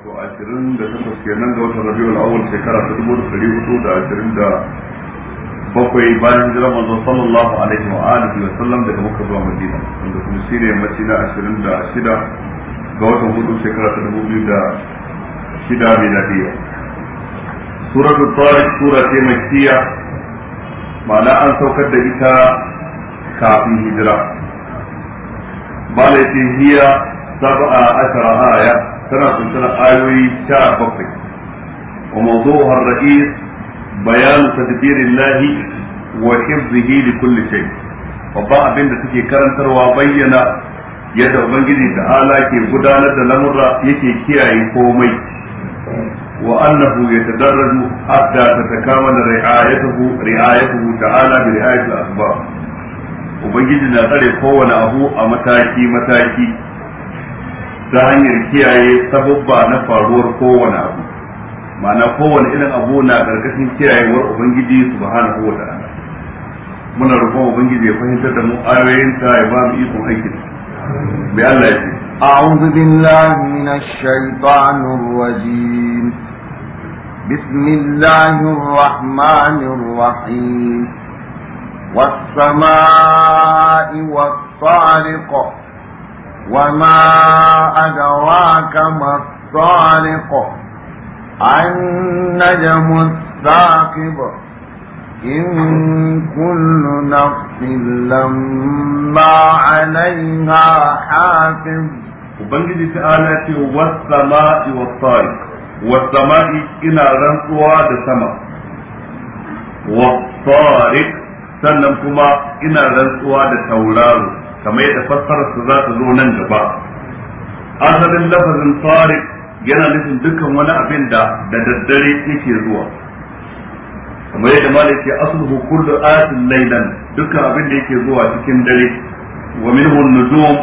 wato ashirin da takwas kenan ga watan rabiul awwal shekara ta dubu da ɗari hudu da ashirin da bakwai bayan jira manzo sallallahu alaihi wa alihi wa sallam daga muka zuwa madina wanda kuma shine yammaci na ashirin da shida ga watan hudu shekara ta dubu biyu da shida miladiya suratul tariq sura ce makkiya ma'ana an saukar da ita kafin hijira ba ce hiya sab'a ashara aya tana kunsar ayoyi sha bakwai wa mawdu'uha ar-ra'is bayan wa hifzihi li kulli babban abin da take karantarwa bayyana yadda ubangiji da ala ke gudanar da lamurra yake kiyaye komai wa annahu yatadarraju hatta tatakamala ri'ayatuhu ri'ayatuhu ta'ala bi ri'ayati al-asbab ubangiji na tsare kowane abu a mataki mataki ta hanyar kiyaye sababba na faruwar kowane abu ma'ana kowane irin abu na karkashin kiyayewar ubangiji subhanahu wa ana muna rufon ubangiji ya fahimtar da mu ta ya ba mu ikon aikin bi Allah ya ce أعوذ بالله من الشيطان الرجيم بسم الله الرحمن الرحيم والسماء والطارق وما أدراك ما الصالق النجم الثاقب إن كل نفس لما عليها حافظ وبنجد تعالى والسماء والطارق والسماء إلى رنسوا السماء والطارق سنمكما kuma رنسوا rantsuwa da kamar yadda fassarar su za ta zo nan gaba asalin lafazin tariq yana nufin dukkan wani abin da da daddare yake zuwa kamar yadda malik ya asluhu da atin laylan dukkan abin da yake zuwa cikin dare wa min an-nujum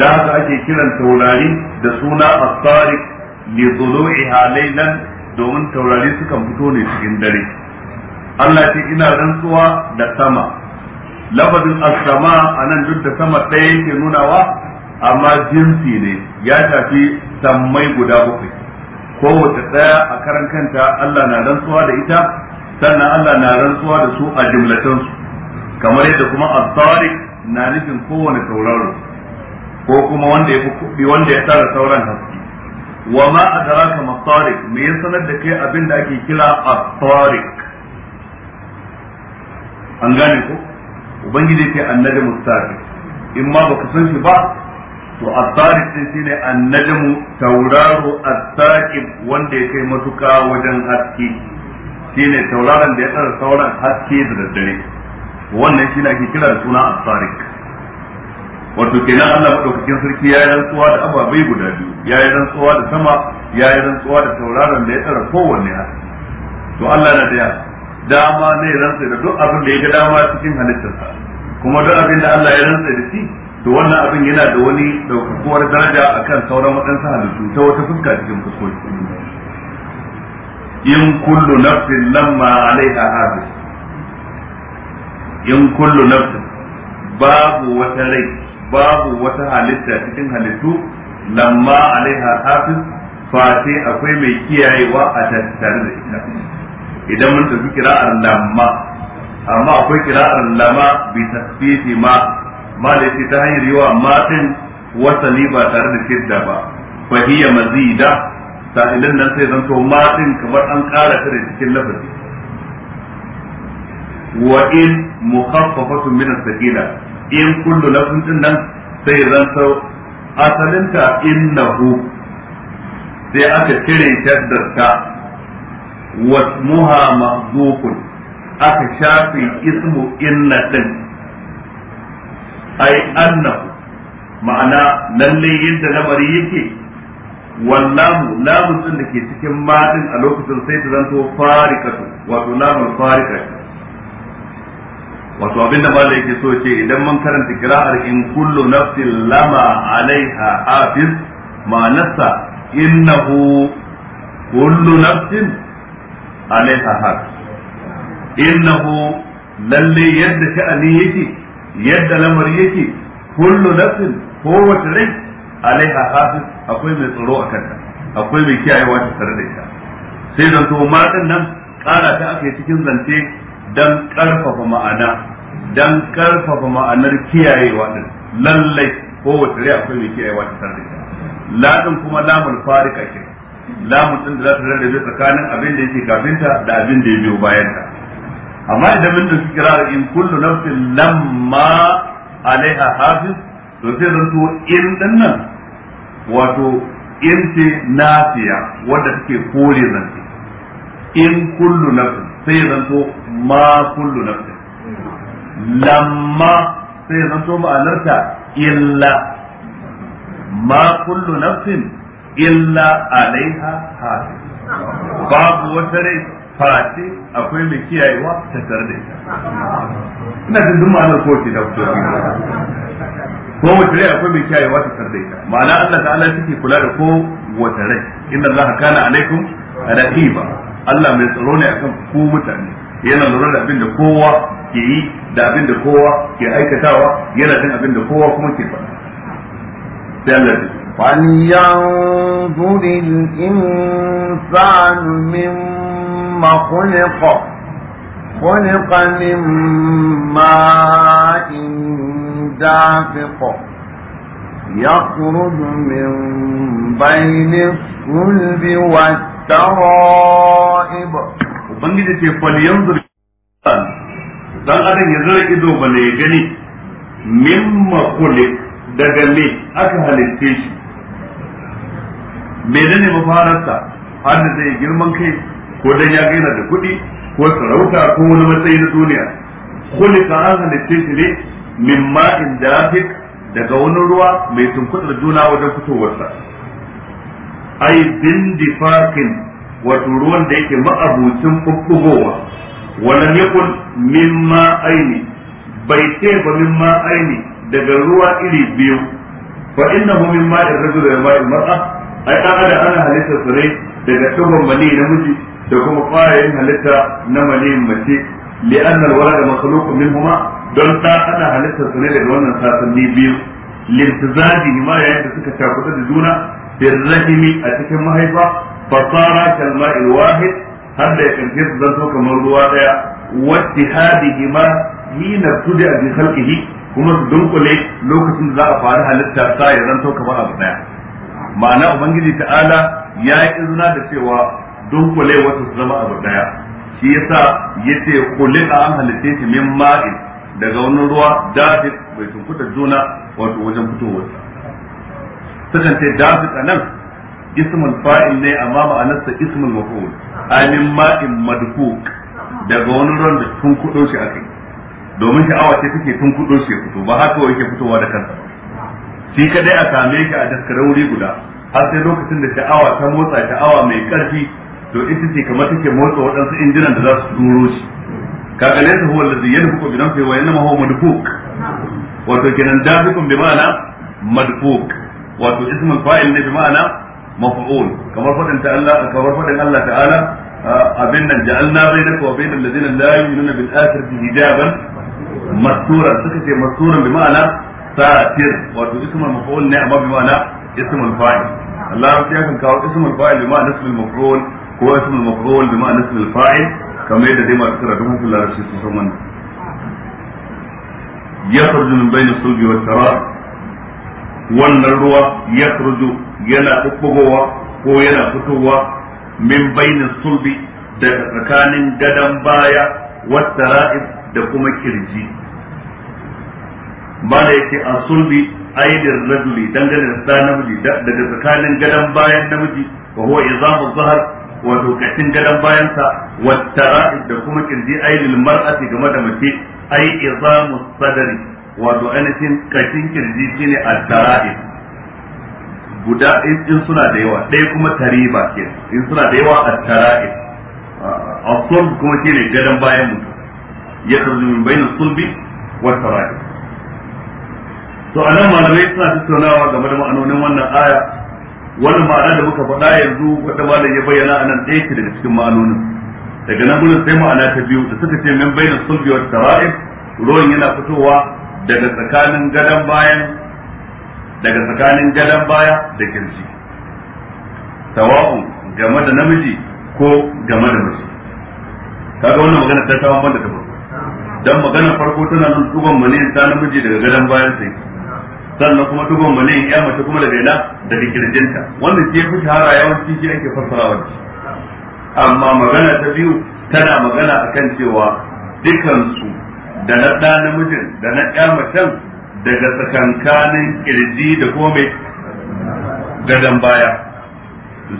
da haka ake kiran taurari da suna as-sariq li dhulu'iha laylan domin taurari sukan fito ne cikin dare Allah ce ina rantsuwa da sama lafazin as a nan duk da sama ɗaya yake nunawa amma jinsi ne ya shafi sammai guda bakwai kowace ɗaya a karan kanta Allah na rantsuwa da ita sannan Allah na rantsuwa da su a jumlatansu kamar yadda kuma as-sariq na nufin kowane tauraro ko kuma wanda ya fi wanda ya tsara sauran haske wa ma adraka masariq me ya sanar da kai abin da ake kira as an gane ko ubangiji ce annajmu saqi in ma baka san shi ba to at-tariq din shine annadamu tauraro at-saqi wanda ya kai matuka wajen haske shine tauraron da ya tsara sauran haske da daddare wannan shine ake kira da suna at-tariq wato kenan Allah madaukakin sarki ya yi rantsuwa da ababai guda biyu ya yi rantsuwa da sama ya yi rantsuwa da tauraron da ya tsara kowanne haske to Allah na da dama zai rantsa da duk abin da ya ga dama cikin halittarsa kuma duk abin da Allah ya rantsa da shi to wannan abin yana da wani daukakuwar daraja akan sauran waɗansu halittu ta wata fuska cikin fuskoki in kullu nafsin lamma alaiha habis in kullu nafsin babu wata rai babu wata halitta cikin halittu lamma alaiha habis fa sai akwai mai kiyayewa a tattare da ita idan mun tafi kira'ar lamma amma akwai kira'ar lama bi tasbihi ma ma da yake ta hanyar yawa ma din wasali ba tare da shidda ba fa hiya mazida sa'ilan nan sai zanto ma din kamar an ƙara ta da cikin lafazi wa in mukhaffafatun min as-sakila in kullu lafzin din nan sai zanto asalinta innahu sai aka cire shaddar ta واسمها aka shafe ismu inna din ai annahu ma'ana lalle yadda lamari yake wallahu lamun din da ke cikin madin a lokacin sai ta wato abin da malai yake so ce idan mun karanta kira'ar in kullu nafsin lama alaiha ma nasa innahu kullu nafsin alaiha haq innahu lalle yadda sha'ani yake yadda lamar yake kullu nafsin kowace rai alaiha hafiz akwai mai tsoro a kanta akwai mai kiyayewa ta tare da ita sai zan to ma nan ƙara ta aka cikin zance dan ƙarfafa ma'ana dan ƙarfafa ma'anar kiyayewa din lallai kowace rai akwai mai kiyayewa ta tare da ita la kuma lamul farika kenan lamun din da za ta rarrabe tsakanin abin da yake kafinta da abin da ya biyo bayan ta amma idan mun da kira in kullu nafsin lamma alaiha hafiz to sai to in din nan wato in ce nafiya wanda take kore zance in kullu nafsin sai to ma kullu nafsin lamma sai zanto ma'anarta illa ma kullu nafsin illa alaiha hafi babu wata rai face akwai mai kiyayewa ta tare da ita ina da duk ma'anar kowace ce da yi. ko wata rai akwai mai kiyayewa ta tare da ita ma'ana Allah ta'ala yake kula da ko wata rai inna Allah kana alaikum raqiba Allah mai tsaro ne akan ku mutane yana lura da abin da kowa ke yi da abin da kowa ke aikatawa yana jin abin da kowa kuma ke faɗa sai Allah فلينظر الإنسان مما خلق خلق من ماء دافق يخرج من بين الصلب والترائب Ubangiji ce faliyan dan adam ya zura ido bane gani min makulik daga me aka halitte shi menene mafararsa har da zai girman kai ko dan ya gaina da kuɗi ko sarauta ko wani matsayi na duniya Kulli an halitta shi ne min ma'in dafik daga wani ruwa mai tunkuɗar juna wajen fitowarsa ai bin difakin wato ruwan da yake ma'abucin ɓuɓɓugowa ya yakun min ma'aini bai ce ba min ma'aini daga ruwa iri biyu fa innahu min ma'in rajul wa ma'in mar'a ai da adam ana halitta su daga tubban mali namiji da kuma kwayoyin halitta na mali mace li'an alwalad makhluqun minhuma don ta ana halitta su daga wannan sasanni biyu limtizaji ma yayin da suka takuta da juna fil rahimi a cikin mahaifa fasara kalma'il wahid har da ya kanke su zanto kamar ruwa daya wattihadihi ma hina tudi bi khalqihi kuma su dunkule lokacin da za a fara halitta sa ya zanto kamar abu daya ma'ana ubangiji ta'ala ya yi izina da cewa dunkule wata su zama abu daya shi yasa yace a an halitta shi min ma'in daga wani ruwa dafit bai tunkuta juna wato wajen fitowarsa sukan ce dafit a nan ismul fa'il ne amma ma'anar ma'anarsa ismul maf'ul amin ma'in madfuk daga wani ruwan da tunkudo shi akai domin sha'awa ce take tunkudo shi fito ba haka yake fitowa da kansa ba shi kadai a same ka a daskare wuri guda har sai lokacin da sha'awa ta motsa sha'awa mai karfi to ita ce kamar take motsa waɗansu injinan da za su turo shi kaga su huwa allazi yanfuqu bi nafsihi wa nama huwa madfuk wato kenan da dafikun bi ma'ana madfuk wato ismul fa'il ne bi ma'ana maf'ul kamar faɗin ta Allah kamar faɗin Allah ta'ala abin nan ja'alna bainaka wa bainal ladina la yu'minuna bil akhirati hijaban mastura suka ce masturan bi ma'ana satir wato ismul maf'ul ne amma bi ma'ana ismul fa'il Allah ya kan kawo ismul fa'il bi ma'ana ismul maf'ul ko ismul maf'ul bi ma'ana ismul fa'il kamar yadda dai masu karatu mun kula da shi sun san wannan yakhruju min bayni sulbi wa tarar wannan ruwa yakhruju yana kubbowa ko yana fitowa min bayni sulbi daga tsakanin gadon baya wata tara'ib da kuma ƙirji. mala yake an sulbi aidin rajuli dangane da sa namiji daga tsakanin gadon bayan namiji wa huwa izamu zahar wato kashin gadon sa wa tara'id da kuma kirji aidil mar'ati game da mace ai izamu sadari wato ainihin kashin kirji shine at-tara'id guda in suna da yawa ɗaya kuma tariba ke in suna da yawa at-tara'id a sulbi kuma shine gadon bayan mutum ya min bainas sulbi wa tara'id to a nan malamai suna tattaunawa game da ma'anonin wannan aya Wani ma'ana da muka faɗa yanzu wata malam ya bayyana a nan ɗaya ce daga cikin ma'anonin daga nan gudun sai ma'ana ta biyu da suka ce min bayyana sulbi wa tara'ib ruwan yana fitowa daga tsakanin gadon bayan daga tsakanin gadon baya da kirji tawa'u game da namiji ko game da mace kaga wannan magana ta kawo banda ta farko dan magana farko tana nan tsugon mani ta namiji daga gadon bayan sai sannan kuma dugon malayin ya mace kuma da daina daga kirjinta wanda ke fi shahara yawanci shi ake fassarawa amma magana ta biyu tana magana akan cewa dukansu da na ɗa namijin da na ƴa macen daga tsakankanin kirji da kome gadon baya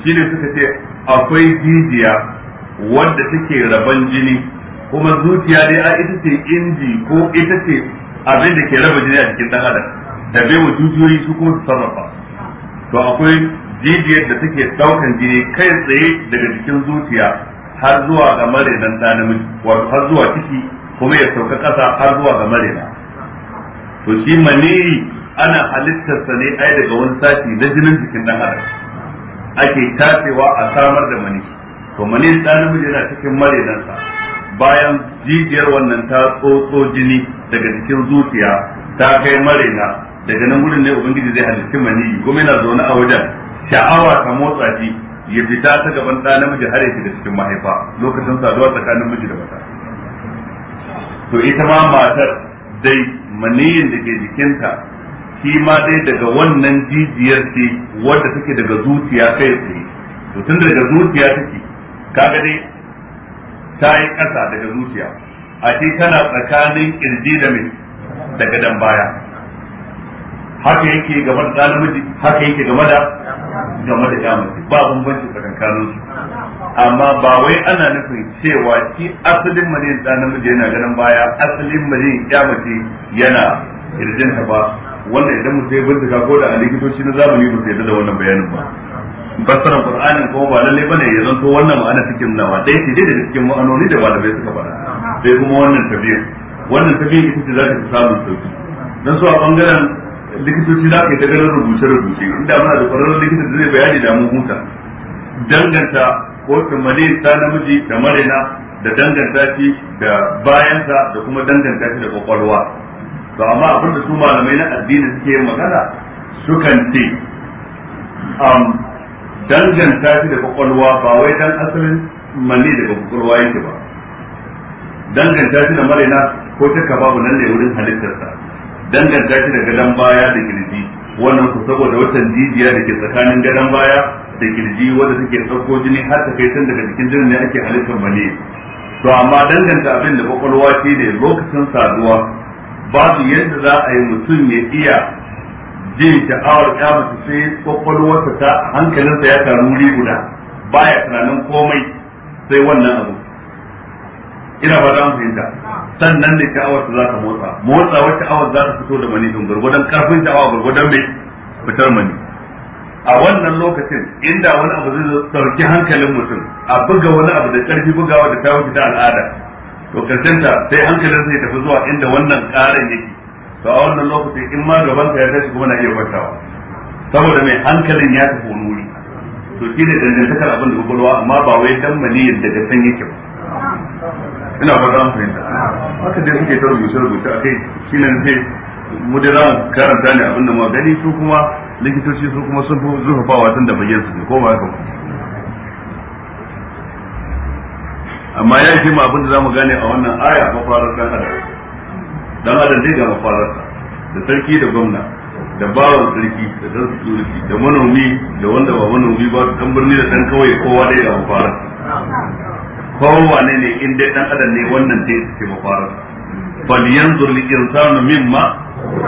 shi ne suka ce akwai jijiya wadda take raban jini kuma zuciya dai a ita ce inji ko ita ce abin da ke raba jini a cikin ɗan adam da wa dukiyoyi su kuma su sarrafa to akwai jijiyar da take daukan jini kai tsaye daga jikin zuciya har zuwa ga marenan da namiji wato har zuwa ciki kuma ya sauka ƙasa har zuwa ga marena to shi maniyi ana halittarsa ne ai daga wani sashi na jinin jikin dan adam ake tacewa a samar da mani to mani da namiji yana cikin marenansa bayan jijiyar wannan ta tsotso jini daga jikin zuciya ta kai marena daga nan gudun ne ubangiji zai halitta mani? kuma yana zaune a wajen sha'awa ta motsa shi ya fita ta gaban ɗa namiji har ya shiga cikin mahaifa lokacin saduwa tsakanin miji da mata to ita ma matar dai maniyin da ke jikinta shi ma dai daga wannan jijiyar ce wadda take daga zuciya kai tsaye to tun daga zuciya take kaga dai ta yi ƙasa daga zuciya a ce tana tsakanin kirji da mai daga dan baya haka yake game da namiji haka yake game da game da yamaci ba bambanci tsakankanin su amma ba wai ana nufin cewa ki asalin maniyin da namiji yana ganin baya asalin maniyin yamaci yana kirjinta ba wannan idan mutum ya bincika ko da a likitoci na zamani ba su yarda da wannan bayanin ba fassarar qur'ani ko ba lalle bane ya zanto wannan ma'ana cikin nawa dai ce da cikin ma'anoni da malamai suka faɗa sai kuma wannan tabiya wannan tabiya ita ce za ta samu sauki dan so a bangaren likitoci za ka yi daga rubuce-rubuce inda muna da kwararren likita da zai bayani da mu huta danganta ko male ta namiji da marina da danganta shi da bayansa da kuma danganta shi da kwakwalwa to amma abin da su malamai na addini suke yin magana sukan ce um, danganta shi da kwakwalwa ba wai dan asalin male daga kwakwalwa yake ba danganta shi da marina ko ta babu nan ne wurin halittarsa danganta shi da gadon baya da kirji wannan ku saboda watan jijiya da ke tsakanin gadon baya da kirji wanda take sauko jini har ta kai tun daga cikin jinin ne ake halittar bane to amma danganta abin da kwakwalwa ce ne lokacin saduwa babu yadda za a yi mutum ya iya jin sha'awar kyamata sai kwakwalwarsa ta hankalinsa ya taru wuri guda baya tunanin komai sai wannan abu ina ba za mu fahimta sannan da sha'awar ta za ta motsa motsa wata sha'awar za ta fito da mani don gurgudan karfin sha'awa gurgudan mai fitar mani a wannan lokacin inda wani abu zai sauki hankalin mutum a buga wani abu da karfi bugawa da ta wuce ta al'ada to karshen sai hankalin zai tafi zuwa inda wannan karin yake to a wannan lokacin in ma gaban ka ya tashi kuma na iya kwantawa saboda mai hankalin ya tafi wani wuri to shi ne dangantakar abin da kwakwalwa amma ba wai dan yadda daga san yake ba ina ba za mu fahimta haka dai suke ta rubuce rubuce a kai shi nan sai mu da za karanta ne abinda da mu gani su kuma likitoci su kuma sun zurfafawa tun da bayyansu ne ko ba haka amma ya fi ma abin da za mu gane a wannan aya mafarar dan adam dan adam zai ga mafararsa da sarki da gwamna da bawan sarki da dan sarki da manomi da wanda ba manomi ba dan birni da dan kawai kowa dai ga mafararsa kowane ne in dai dan adam ne wannan dai suke mafarar bal yanzur li insanu mimma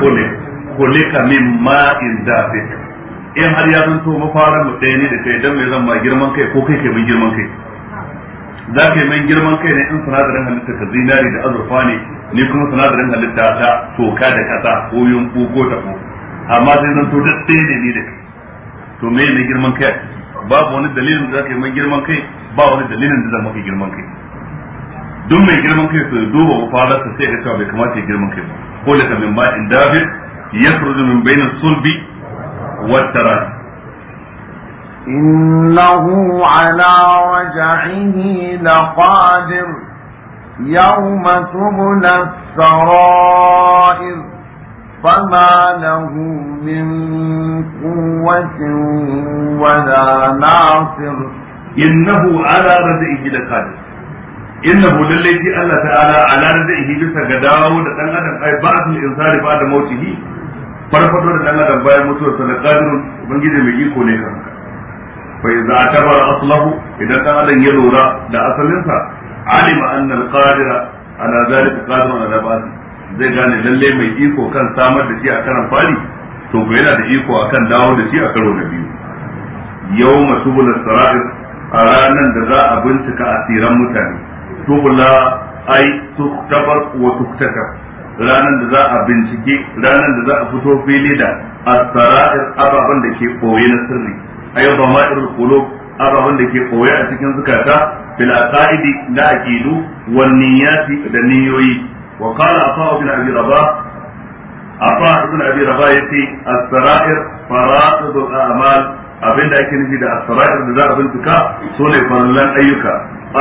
kulli khuliqa mimma in dafi in har ya zanto mafarar mu dai ne da kai dan mai zan ma girman kai ko kai kai mun girman kai za ka yi girman kai ne in sinadarin halitta ka zinari da azurfa ne ni kuma sinadarin halitta ta toka da kasa ko yunku ko tafo amma sai zan to ne ni da kai to me ne girman kai babu wani dalilin da zaka yi mai girman kai ba wani dalilin da zaka maka girman kai duk mai girman kai su duba mafararsa sai ga cewa bai kamata ya girman kai ba ko da kamin ba in ya yakhruju min bainas sulbi wat tarah ala على رجعه لقادر يوم تبلى السرائر فما له من قوة ولا ناصر إنه على رزقه لقادر إنه للذي الله تعالى على رزقه بس قداو لأن أدم أي بعض الإنسان بعد موته farfado da dan adam bayan mutuwar sa da qadirun ubangiji mai iko ne Ba fa idza atabara aslahu idan dan adam ya lura da asalinsa sa alima anna al-qadira ala zalika qadirun ala ba'd zai gane lalle mai iko kan samar da shi a karan fari to ko yana da iko akan dawo da shi a karo na biyu yau masubul sara'ir a ranar da za a bincika asiran mutane tubula ai tuktabar wa tuktaka ranar da za a bincike ranar da za a fito fili da asara'ir ababen da ke koye na sirri ayo ba irin kulo ababen da ke koye a cikin zukata bil aqaidi da aqidu wan niyyati da niyoyi wa qala afa ibn abi rabah afa ibn abi rabah yace as-sara'ir ake nufi da as da za a bincika sune farallan ayyuka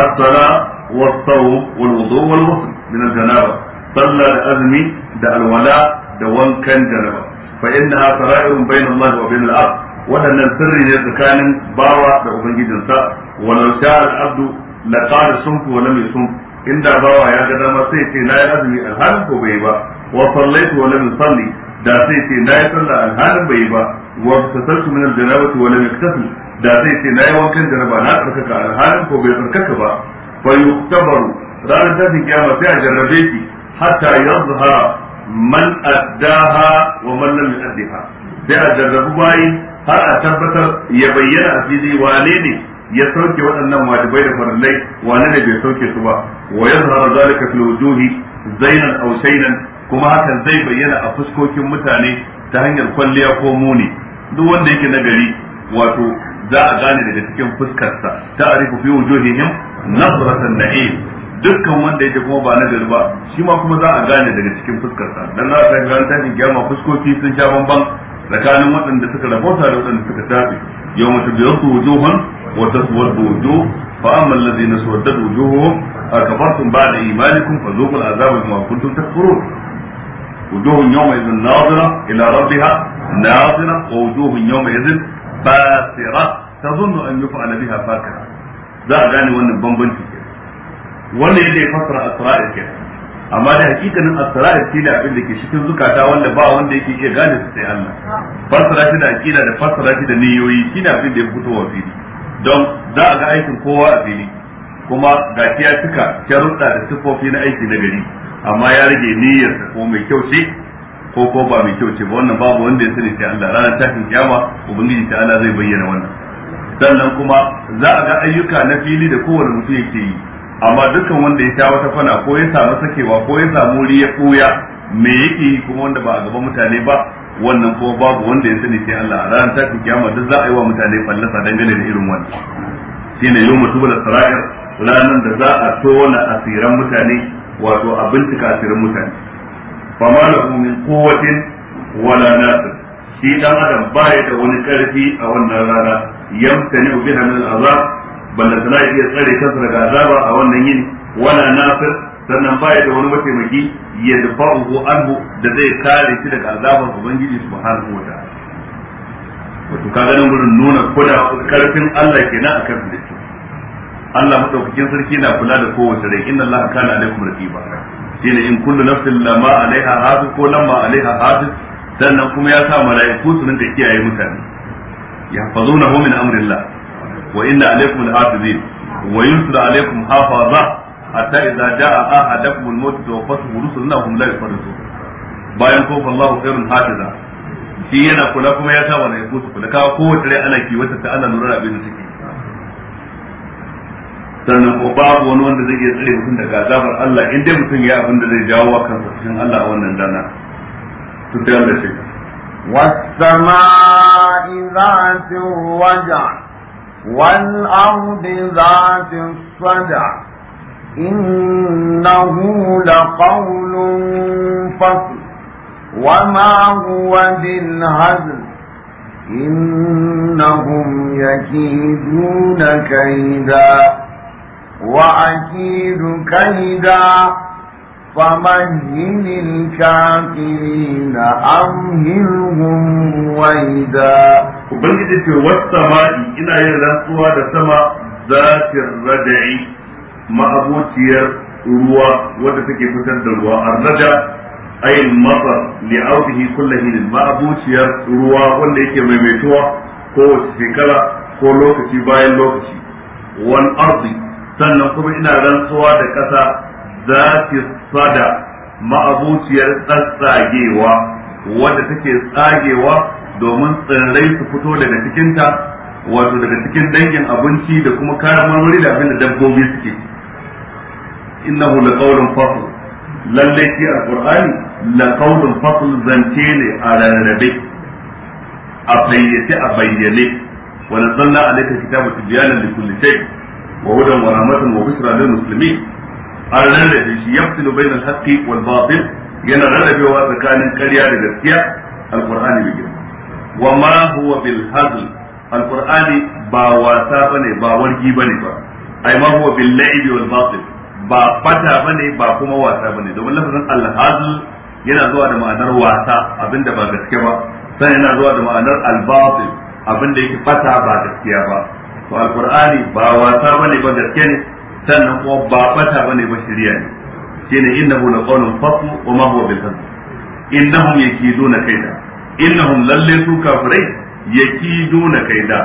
as-sala was-sawm wal-wudu wal-ghusl min da azmi da alwala da wankan janaba fa innaha sara'irun bayna Allah wa bayna al-abd sirri ne tsakanin bawa da ubangijinsa walau sha'a al-abdu wa In da bawa ya ga dama sai ce na yi azumi alhalin ko bai ba wa sallaitu wa lam yusalli da sai ce na yi sallah alhalin bai ba wa tasaltu min aljanabati wa lam yaktasil da sai ce na yi wankan janaba na tsarkaka alhalin ko bai tsarkaka ba fa yuktabaru ranar tashin kiyama sai a jarrabe ki hatta yazha man addaha wa man lam yu'addiha sai a jarrabu bayi har a tabbatar ya bayyana a fili wane ne ya sauke waɗannan wajibai da farallai wani ne bai sauke su ba wa yazharu zalika fil wujuhi zainan aw shaynan kuma hakan zai bayyana a fuskokin mutane ta hanyar kwalliya ko muni duk wanda yake nagari wato za a gane daga cikin fuskarsa ta arifu fi wujuhihim nazratan na'im dukkan wanda yake kuma ba nagari ba shi ma kuma za a gane daga cikin fuskarsa dan za a ga tashin kiyama fuskoki sun sha bamban tsakanin waɗanda suka rabota da waɗanda suka tafi yau mace biyar su wujuhun wata suwar da wujo fa amma allazi na suwar da wujuhu a kafar sun ba da imanikum fa zuƙul azabar ma kuntum takfurun wujuhun yau mai zin nazira ila rabbi ha nazira wa wujuhun yau mai zin basira ta zunnu an yi fa'ala biha fakara za a gane wannan bambanci wannan yadda ya a asra'ir kenan amma da hakikanin asrar shi da abin da ke cikin zukata wanda ba wanda yake iya gane su sai Allah fasara shi da aqida da fasara shi da niyoyi shi da abin da ya fitowa fili don za a ga aikin kowa a fili kuma ga shi ya cika sharuɗa da sifofi na aiki na gari amma ya rage niyyarsa ko mai kyau ce ko ko ba mai kyau ce ba wannan babu wanda ya sani sai Allah ranar tashin kiyama ubangiji ta Allah zai bayyana wannan sannan kuma za a ga ayyuka na fili da kowane mutum yake yi amma dukkan wanda ya sha wata kwana ko ya samu sakewa ko ya samu wuri ya koya me yake yi kuma wanda ba a gaban mutane ba wannan ko babu wanda ya sani ke Allah a ranar tafi kiyama duk za a yi wa mutane fallasa dangane da irin wannan ne yau mutu da sara'ir ranar da za a tona asiran mutane wato a bincika asirin mutane ma da min kowace wala nasir shi dan adam baya da wani karfi a wannan rana yamtani ubi min azab banda tana iya tsare kansa daga azaba a wannan yini wala nafir sannan baya da wani mataimaki ya uku albu da zai kare shi daga azaban ubangiji subhanahu wa ta'ala wato ka ganin gurin nuna koda karfin Allah kenan akan da Allah madaukakin sarki na kula da kowace rai inna Allah kana alaikum raqiba shine in kullu nafsin lama alaiha hafiz ko lamma alaiha hafiz sannan kuma ya sa mala'iku su rinka kiyaye mutane yahfazunahu min amrillah wa inna alaikum alhafizin wa yusra alaikum hafaza hatta idza jaa ahadakum almaut tawaffatu rusuluna hum la yafarrisu bayan ko wallahu khairun hafiza shi yana kula kuma ya sa wani yakutu kula kawo kowace rai ana kiwata ta ana nurar abin da take sannan ko babu wani wanda zai iya tsare mutum daga azabar Allah in dai mutum ya abin da zai jawo wa kansa cikin Allah a wannan dana to sai Allah shi والسماء ذات الرجع والأرض ذات الصدع إنه لقول فصل وما هو بالهزل إنهم يكيدون كيدا وأكيد كيدا فمهل الكافرين أمهلهم رويدا ina yin rantsuwa da sama zafin rada'i ma'abociyar ruwa wadda take fitar da ruwa arrada ayin masar li audihi kullahin ma'abociyar ruwa wanda yake maimaituwa ko shekara ko lokaci bayan lokaci wal ardi sannan kuma ina rantsuwa da ƙasa zati sada ma'abuciyar tsatsagewa wadda take tsagewa domin tsirrai su fito daga cikinta wato daga cikin dangin abinci da kuma kayan marmari da abin da dabbobi suke innahu laqawlun fasl lalle shi alqur'ani laqawlun fasl zance ne a rarrabe a bayyace a bayyane wa nazzalna alayka kitaba tibyanan likulli shay wa hudan wa rahmatan wa bushra lil muslimin an rarrabe shi ya yafsilu bainal haqqi wal batil yana rarrabewa tsakanin karya da gaskiya alqur'ani bai girma wa ma huwa bil hazl alqur'ani ba wasa bane ba wargi bane ba ai ma huwa bil la'ibi wal batil ba fata bane ba kuma wasa bane domin lafazin al hazl yana zuwa da ma'anar wasa abinda ba gaske ba sai yana zuwa da ma'anar al batil abinda yake fata ba gaskiya ba to alqur'ani ba wasa bane ba gaske ne sannan kuma ba bata bane ba shari'a ne shine innahu fasl wa ma huwa bil fasl innahum yakiduna kaida innahum lalle su kafirai yakiduna kaida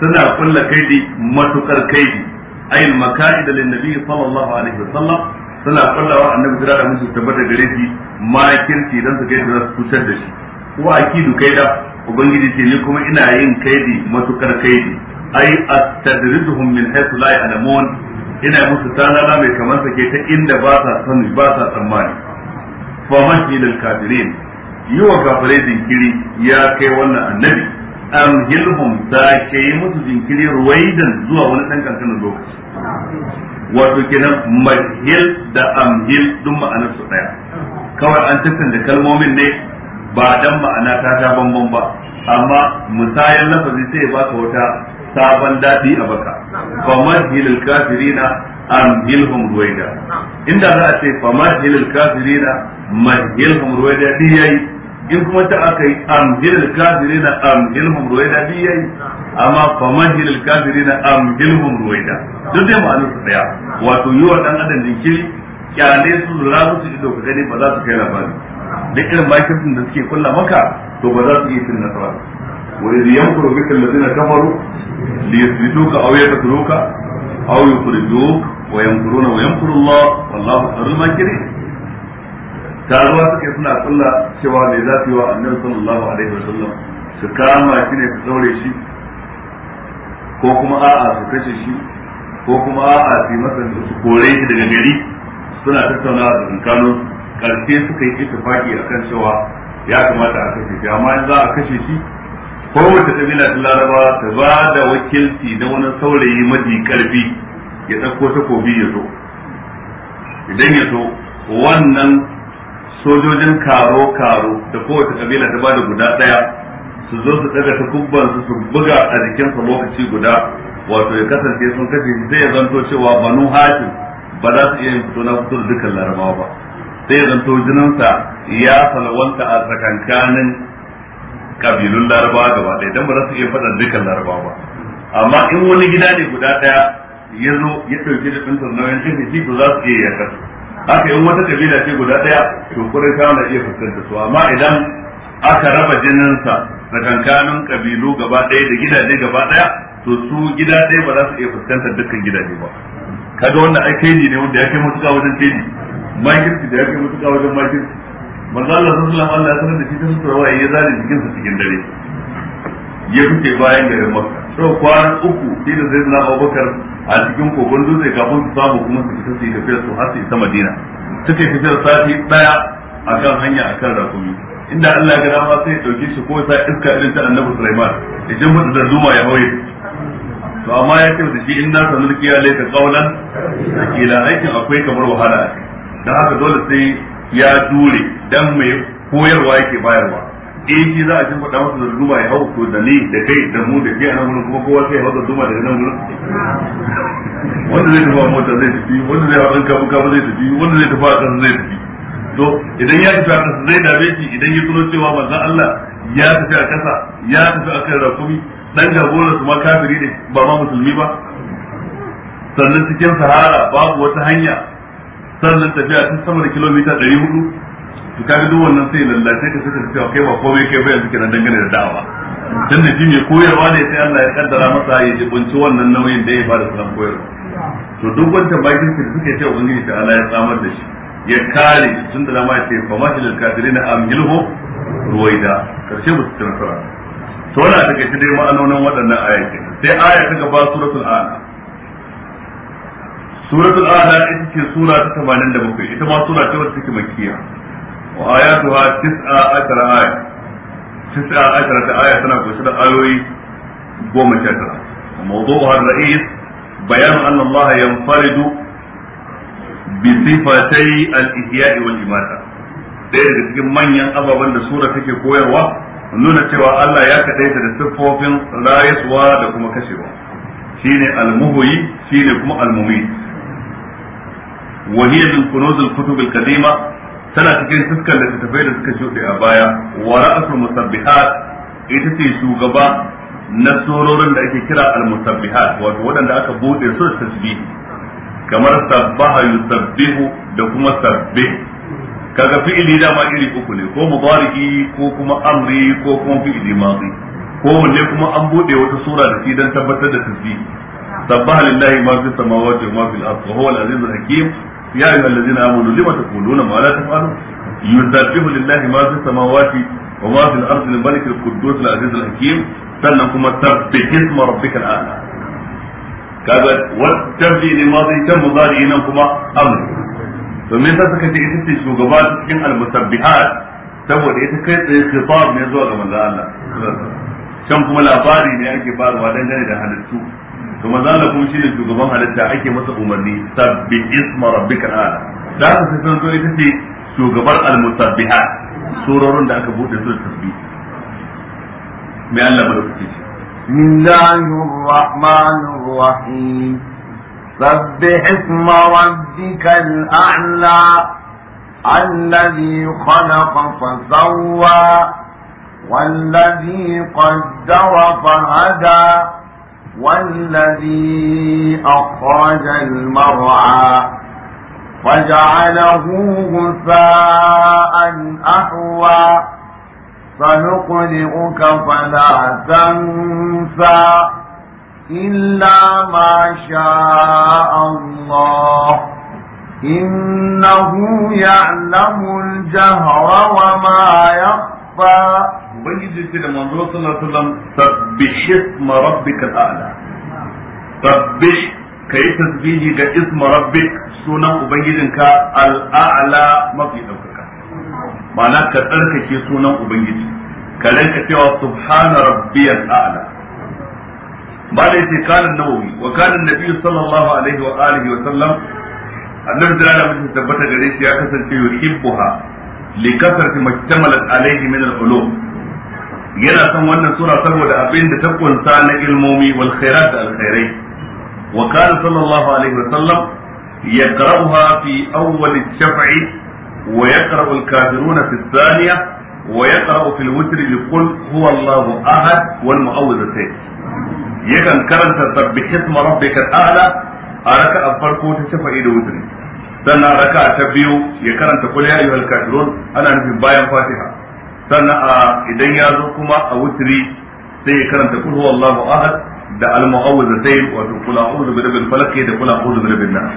suna kulla kaidi matukar kaidi makaid lin nabi sallallahu alaihi wasallam suna annabi jira da musu tabbata gare shi makirci dan su su cutar da shi wa akidu kaida ubangiji ce ni kuma ina yin kaidi matukar kaidi ai astadriduhum min haythu la ya'lamun ina musu talala mai kamar sake ta inda ba sa sani ba sa tsammani fa lil kafirin yi wa kafirai jinkiri ya kai wannan annabi hilhum da ke yi musu jinkiri ruwaidan zuwa wani ɗan kankanin lokaci wato kenan mahil da amhil duk ma'anar su ɗaya kawai an da kalmomin ne ba dan ma'ana ta ta bambam ba amma musayan lafazi sai ba baka wata sabon daɗi a baka famahil an amhilhum ruwaida inda za a ce famahil alkafirina mahilhum ruwaida bi yi. in kuma ta aka yi an amhil an amhilhum ruwaida bi yi. amma famahil an amhilhum ruwaida duk dai ma'anar su daya wato yi wa ɗan adam jinkiri kyale su zura musu ido ka gani ba za su kai labari da irin bakin da suke kulla maka to ba za su yi cin nasara وإذ يمكر بك الذين كفروا ليثبتوك أو يقتلوك أو يخرجوك ويمكرون ويمكر الله والله خير الماكرين taruwa suke suna kulla cewa mai za su yi wa annabi sallallahu alaihi wasallam su kama shi ne su daure shi ko kuma a'a su kashe shi ko kuma a'a su masa su kore shi daga gari suna tattauna a tsakankanin karshe suka yi ittifaki akan cewa ya kamata a kashe shi amma in za a kashe shi kowace kabila ta laraba ta ba da wakilci na wani saurayi maji karfi ya ɗauko takobi ya zo idan ya zo wannan sojojin karo-karo da kowace kabila ta ba da guda ɗaya su zo su ɗaga takubban su su buga a jikinsa lokaci guda wato ya kasance sun kashe shi sai ya zanto cewa banu hatim ba za su iya yin fito na fito da dukkan larabawa ba sai ya zanto jininsa ya salwanta a tsakankanin kabilun larabawa gaba ɗaya idan ba za su iya faɗa dukkan larabawa ba amma in wani gida ne guda ɗaya ya zo ya ɗauki da ɗintar nauyin kashe shi to za su iya yakar haka in wata kabila ce guda ɗaya to kurai ta na iya fuskanta su amma idan aka raba jininsa kankanin kabilu gaba ɗaya da gidaje gaba ɗaya to su gida ɗaya ba za su iya fuskanta dukkan gidaje ba kaga wannan ai ne wanda ya kai mutuka wajen ne makirci da ya kai mutuka wajen makirci manzo Allah sallallahu alaihi Allah sanar da shi ta sutura waye ya zare jikin sa cikin dare ya fice bayan garin Makka to kwana uku shi da Sayyidina Abubakar a cikin kogon dutse kafin su samu kuma su fita su yi tafiyar su har su isa Madina suka yi da sati daya akan hanya akan rakumi inda Allah ya rama sai ya dauke shi ko sai iska irin ta Annabi Sulaiman ya jin mutu da zuma ya hauye to amma ya ce da shi inna sanulkiya laika qawlan kila aikin akwai kamar wahala da haka dole sai ya dure dan mai koyarwa yake bayarwa in eh, shi za a faɗa masa zarduma ya hau to da ni da kai da mu da ke a nan wurin kuma kowa sai ya hau zuma daga nan wurin wanda zai tafi a mota zai tafi wanda zai hau kabu kabu zai tafi wanda zai tafi a kan zai tafi to idan ya tafi a kan zai dame shi idan ya tuno cewa manzon Allah ya tafi a kasa ya tafi a kan rakumi dan jagoran su ma kafiri ne ba ma musulmi ba sannan cikin sahara babu wata hanya sannan tafiya tun sama da kilomita ɗari hudu to kaga duk wannan sai lallace ka suka cewa kai ba komai kai ba yanzu kenan dangane da da'awa dan da shi mai koyarwa ne sai Allah ya kaddara masa ya jibunci wannan nauyin da ya fara sunan koyarwa to duk wancan bakin da suke cewa ubangiji ta Allah ya tsamar da shi ya kare tun da dama ya ce fa mashal kafirin amhilhu ruwaida karshe ba su ci nasara to wannan a takaice dai ma'anonin waɗannan ayyukan sai aya ta gaba suratul ala. suratul a'la ita ce sura ta 87 ita ma sura ce wacce take makkiya wa ayatuha tis'a ashara aya tis'a ashara ta aya tana kunshe da ayoyi goma sha tara mawdu'uha ar-ra'is bayan anna Allah yanfaridu bi sifatai al-ihya'i wal imata daya daga cikin manyan ababen da sura take koyarwa nuna cewa Allah ya kadaita da siffofin rayuwa da kuma kashewa shine al shine kuma al وهي من كنوز الكتب kutub al qadima tana cikin تفيد da tafai da suka shuɗe a baya نسورور ra'asul musabbihat ita ce shugaba na sororin da ake kira al musabbihat wato waɗanda aka bude su tasbih kamar sabbaha da kuma kaga fi'ili dama iri uku ne ko Mubariki, ko kuma amri ko kuma fi'ili madi ko wanne kuma an bude wata sura da shi dan tabbatar da tasbih sabbaha lillahi ma fi samawati wa ma fil ardi wa huwa ya ayyuha allazina amanu lima taquluna ma la taf'alun yusabbihu lillahi ma fis samawati wa ma fil ardi lil malik al quddus al aziz al hakim sannan kuma a'la kaga tabbi ne ma zai ta mudari nan kuma amr to me yasa suka ce ita ce shugaba cikin al saboda ita kai tsaye khitab ne zuwa ga manzo Allah can kuma labari ne ake bayarwa dangane da halittu to manzo na kuma shine shugaban halitta ake masa umarni sabbi isma rabbika ala da haka sai san zuri ce shugabar al-musabbihat surorin da aka bude su da tasbih mai Allah madaukake shi bismillahir rahmanir rahim sabbih isma rabbikal a'la الذي خلق فسوى والذي قدر فهدى والذي أخرج المرعى فجعله غفاء أحوى فنقلعك فلا تنسى إلا ما شاء الله إنه يعلم الجهر وما يخفى ubangiji ce da manzo sallallahu alaihi wasallam sabbih isma rabbikal a'la sabbih kai tasbihi ga isma rabbik sunan ubangijinka al-a'la mafi daukaka ma'ana ka tsarkake sunan ubangiji ka ranka cewa subhana rabbiyal a'la ba da yake kana nawawi wa kana nabi sallallahu alaihi wa alihi wa sallam annabi da Allah mutum tabbata gare shi ya kasance yuhibbuha li kasrati majtamalat alaihi min al-ulum yana son wannan sura saboda abin da ta kunsa na ilmomi wal khairat da alkhairai wa kana sallallahu alaihi wa sallam yaqra'uha fi awwal ash-shaf'i wa yaqra'u al-kafirun fi ath-thaniya wa yaqra'u fi al-witr bi qul huwa Allahu ahad wal mu'awwidhatayn yakan karanta sabbih ma rabbika al-a'la a raka'a farko ta shafa'i da witr sannan raka'a ta biyu ya karanta qul ya ayyuhal kafirun ana nufin bayan fatiha sannan idan ya zo kuma a wutri sai ya karanta kul huwallahu ahad da al-mu'awwidhatayn wato kul a'udhu birabbil falaq da kul a'udhu birabbin nas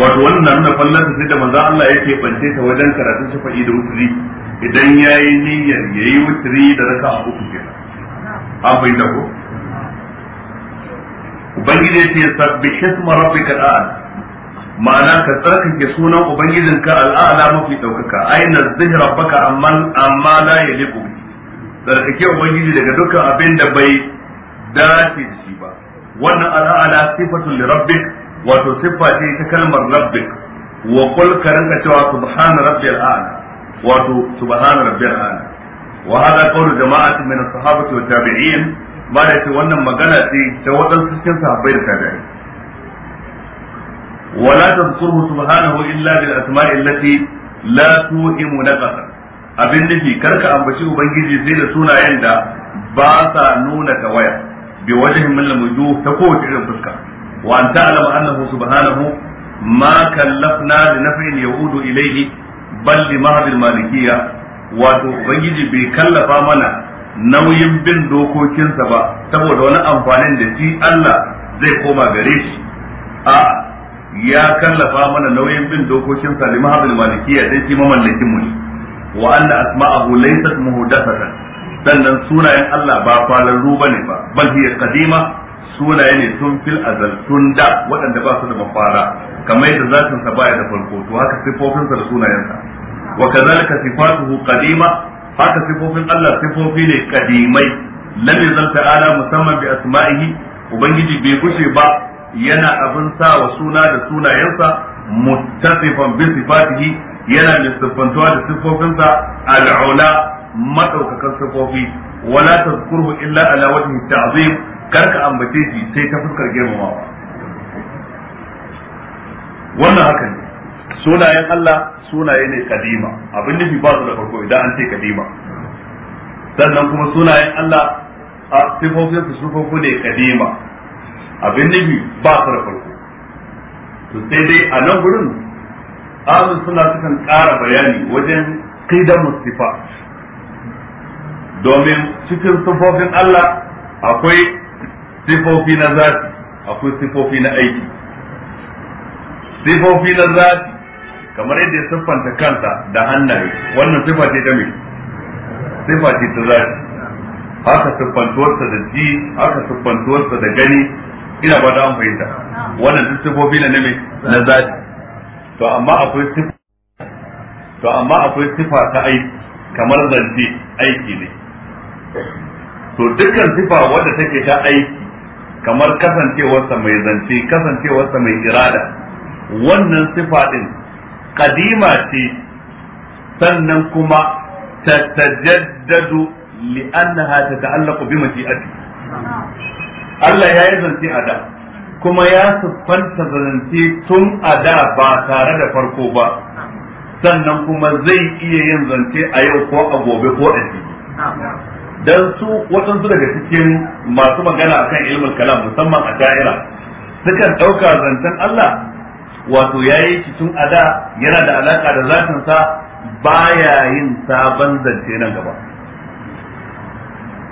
wato wannan na nuna fallasa sai da manzo Allah yake bance ta wajen karatun shafa'i da wutri idan yayi niyyar yayi wutri da raka a uku kenan an bayyana ko ubangiji ya ce sabbi hisma rabbikal a'la ma'ana ka tsarkake sunan ubangijinka al'ala mafi daukaka ai nazzih baka amma amma la yaliqu tsarkake ubangiji daga dukkan abin da bai dace da shi ba wannan al'ala sifatul li rabbik wato siffa ce ta kalmar rabbik wa qul ka ranka cewa subhana rabbil a'la wato subhana rabbil a'la wa hada qawlu jama'atin min as-sahabati wa tabi'in ba da wannan magana ce ta waɗansu cikin sahabbai da tabi'in ولا تذكره سبحانه إلا بالأسماء التي لا توهم نقصا abin nufi karka ambaci ubangiji sai da sunayen da ba sa nuna tawaya bi wajen min lamuju ta kowace irin fuska wa an ta'lam annahu subhanahu ma kallafna li naf'in yaudu ilayhi bal li mahd malikiyya wato ubangiji bai kallafa mana nauyin bin dokokinsa ba saboda wani amfanin da shi Allah zai koma gare shi a ya kallafa mana nauyin bin dokokin Salimu lima habil malikiyya dai shi mamallakin mu ne wa anna asma'ahu laysat muhdathatan sannan sunayen Allah ba falarru bane ba bal hiya qadima sunaye ne sun fil azal tun da waɗanda ba su da mafara kamar yadda zatin sa baya da farko to haka sifofin sa da sunayen sa wa kadhalika sifatuhu qadima haka sifofin Allah sifofi ne qadimai lam yazal ta'ala musamman bi asma'ihi ubangiji bai kushe ba yana abin sa wa suna da sunayensa muttasifan bi sifatihi yana mai siffantuwa da sifofinsa al'ula madaukakan sifofi wala tazkurhu illa ala wajhi ta'zim karka ambace shi sai ta fuskar girmamawa wannan haka ne sunayen Allah sunaye ne kadima abin nufi ba su da farko idan an ce kadima sannan kuma sunayen Allah a sifofin su sufofu ne kadima abin da ba su da farko to sai dai a nan gurin azu suna sukan ƙara bayani wajen ƙida mustafa domin cikin sifofin Allah akwai sifofi na zati akwai sifofi na aiki sifofi na zati kamar yadda ya siffanta kansa da hannaye wannan sifa ce ta mai sifa ce ta zati haka siffantuwarsa da ji haka siffantuwarsa da gani ina ba da an fahimta wannan duk sifofi ne na me na zati to amma akwai sifa to amma akwai sifa ta aiki kamar zance aiki ne to dukkan sifa wadda take ta aiki kamar kasancewarsa mai zance kasancewarsa mai irada wannan sifa din kadima ce sannan kuma ta tajaddadu li'annaha tata'allaqu bi mashi'ati Allah ya yi zance a da kuma ya siffanta zance tun a da ba tare da farko ba sannan kuma zai iya yin zance a yau ko a gobe ko a jibi Don su waɗansu daga cikin masu magana akan ilimin kalam musamman a da'ira sukan ɗauka zancen Allah wato ya yi shi tun a da yana da alaƙa da zatinsa baya yin sabon zance nan gaba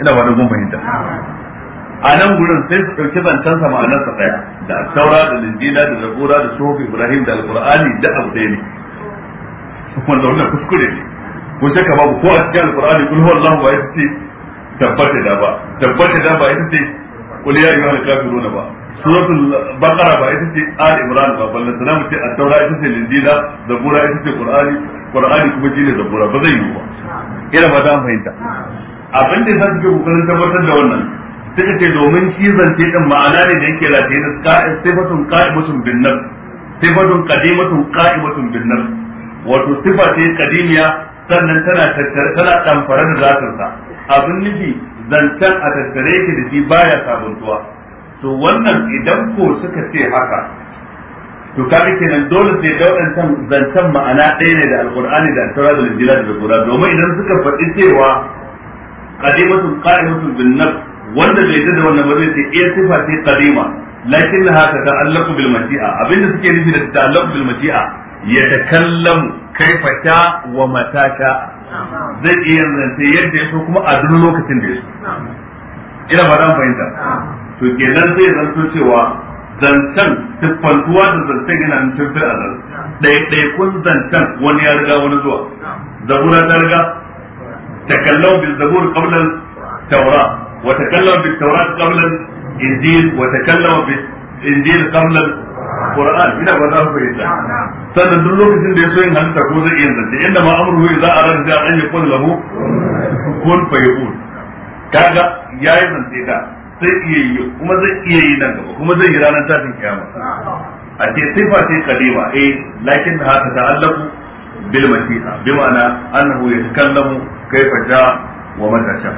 ina ba da fahimta a nan gurin sai su ɗauki zancen sa ma'anar sa ɗaya da taura da linjila da zagora da sofi ibrahim da alqur'ani da abu ɗaya ne wanda wannan kuskure ne ko shaka babu ko a cikin alqur'ani kul huwallahu wa ce tabbata da ba tabbata da ba ita ce kul ya ayyuhal kafiruna ba suratul baqara ba ita ce al imran ba ballan sana mu ce at-taura ita ce linjila zabura ita ce qur'ani qur'ani kuma shine zabura ba zai yi ba ina ba mu fahimta abin da zan ga kokarin tabbatar da wannan sai ce domin shi zance din ma'ana ne da yake rataye da sifatun qa'imatun bin nafs sifatun qadimatun qa'imatun bin nafs wato sifa ce qadimiya sannan tana tattare tana tamfara da zatar sa abin nufi zancen a tattare yake da shi baya sabuntuwa to wannan idan ko suka ce haka to kaga kenan dole sai da waɗancan zancen ma'ana ɗaya ne da alqur'ani da al-tawrat da al da domin idan suka faɗi cewa qadimatun qa'imatun bin nafs wanda bai yarda da wannan ba zai ce eh sifa ce qadima lakinnaha tata'allaqu bil mati'a abinda suke nufi da ta'allaqu bil mati'a yatakallamu kaifa ta wa mata ta zai iya zance yadda ya so kuma a duk lokacin da ya so ina ba dan fahimta to kenan zai zanto cewa zancen tuffantuwa da zancen yana nan tun fil azal ɗaiɗaikun zancen wani ya riga wani zuwa zabura ta riga takallau bil zabur qabla tawra وتكلم بالتوراة قبل الإنجيل وتكلم بالإنجيل قبل القرآن إذا بدأه في sannan duk lokacin da ya so yin halitta ko zai iya zance inda ma amruhu an kaga yayi zance da sai iya yi kuma zai iya yi nan gaba kuma zai yi ranar tashin kiyama a ce sifa ce kadima eh lakin haka ta'allaku bil masiha bi ma'ana annahu yatakallamu kayfa ja'a wa mata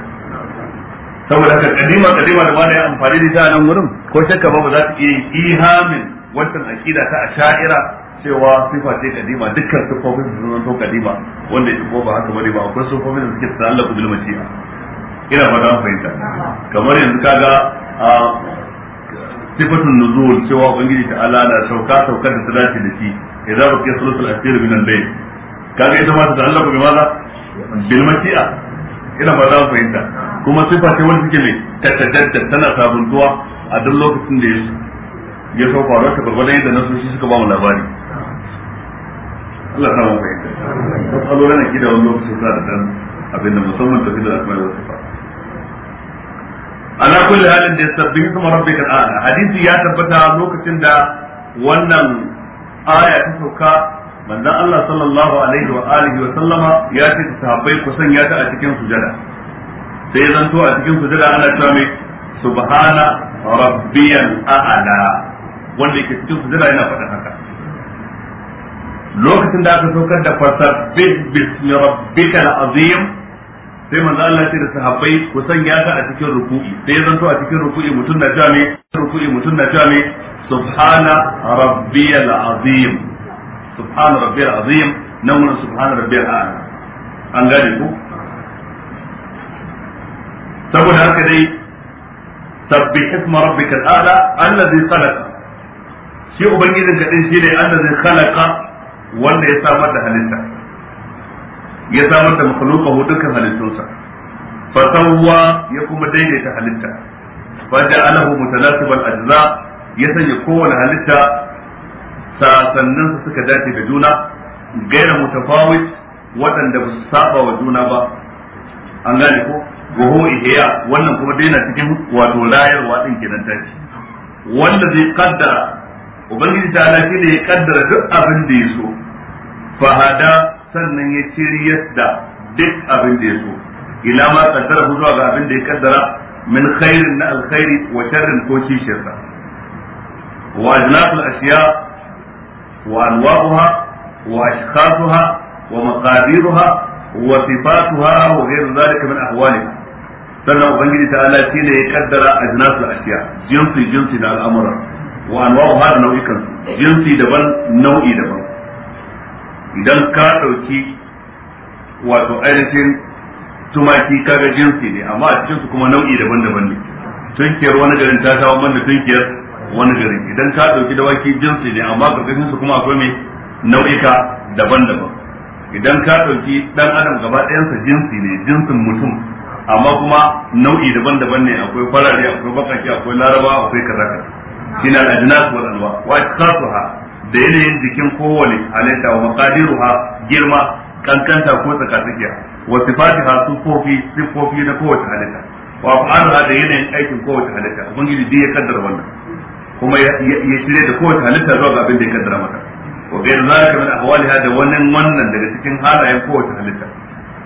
saboda haka kadima kadima da bana ya amfani da ita a nan wurin ko shakka ba za ta iya ihamin wancan akida ta asha'ira cewa sifa ce kadima dukkan sifofin su zama to kadima wanda ita ko ba haka bane ba akwai sifofin da suke ta'allaku bilma mashi'a ina ba da fahimta kamar yanzu kaga sifatun nuzul cewa ubangiji ala na sauka saukar da ta dace da shi ba ke sulatul asir min al-layl kaga ita ma ta ta'allaku bi maza bil mashi'a ina ba da fahimta kuma sifa ce wanda take mai tattattattat tana sabuntuwa a duk lokacin da ya so faruwa ta gwargwadon yadda shi suka ba mu labari Allah samu ta tsalo yana gida wani lokacin sa da dan abin da musamman tafi da asma'i wasu fa ana kulli halin da sabbin kuma rabbika al'ala hadisi ya tabbata lokacin da wannan aya ta sauka manzon Allah sallallahu alaihi wa alihi wa sallama ya ce sahabbai kusan ya ta a cikin sujada sai zan to a cikin sujada ana cewa mai subhana rabbiyal a'la wanda yake cikin sujada yana faɗa haka lokacin da aka saukar da fasabbih bismi rabbikal azim sai manzo Allah ya ce da sahabbai ku sanya ta a cikin ruku'i sai zan to a cikin ruku'i mutum na cewa mai ruku'i mutum na cewa mai subhana rabbiyal azim subhana rabbiyal azim nan mun subhana rabbiyal a'la an gane ku saboda haka dai sabbi isma rabbika al'ala allazi khalaqa shi ubangijin ka din shine allazi khalaqa wanda ya samar da halitta ya samar da hu dukkan halittunsa fa sawwa ya kuma daidaita halitta fa ja'alahu mutanasibal ajza ya sanya kowane halitta sasannin suka dace da juna gaira mutafawit waɗanda ba su saba wa juna ba an gane ko wa ihiya wannan kuma dai na cikin wato layar wadin kenan tashi wanda zai kaddara ubangiji ta ala da ya kaddara duk abin da ya so fahada sannan ya ciriyar da duk abin da ya so ila ma kaddara zuwa ga abin da ya kaddara min khairin na alkhairi wa sharrin ko kishirsa wa ajnatul ashiya wa anwa'uha wa ashkhasuha wa maqadiruha wa sifatuha wa ghayr dhalika min ahwalihi sannan ubangiji ta ala shi ne ya kaddara a jinasu ashiya jinsi jinsi na al'amura wa anwa'u har nau'ikan jinsi daban nau'i daban idan ka ɗauki wato ainihin tumaki kaga jinsi ne amma a cikinsu kuma nau'i daban-daban ne tunkiyar wani garin ta shawo man da tunkiyar wani garin idan ka ɗauki dawaki jinsi ne amma ƙarƙashinsu kuma akwai mai nau'ika daban-daban idan ka ɗauki ɗan adam gaba ɗayansa jinsi ne jinsin mutum amma kuma nau'i daban-daban ne akwai farare akwai bakaki akwai laraba akwai kaza kaza shi na al'ajinas wal alwa wa itqasuha da yanayin jikin kowane halitta wa maqadiruha girma kankanta ko tsakatsakiya wa kofi sufofi kofi na kowace halitta wa fa'ala da yanayin aikin kowace halitta ubangiji dai ya kaddara wannan kuma ya shirye da kowace halitta zuwa ga abin da ya kaddara mata wa bayan zalika min ahwaliha da wannan wannan daga cikin halayen kowace halitta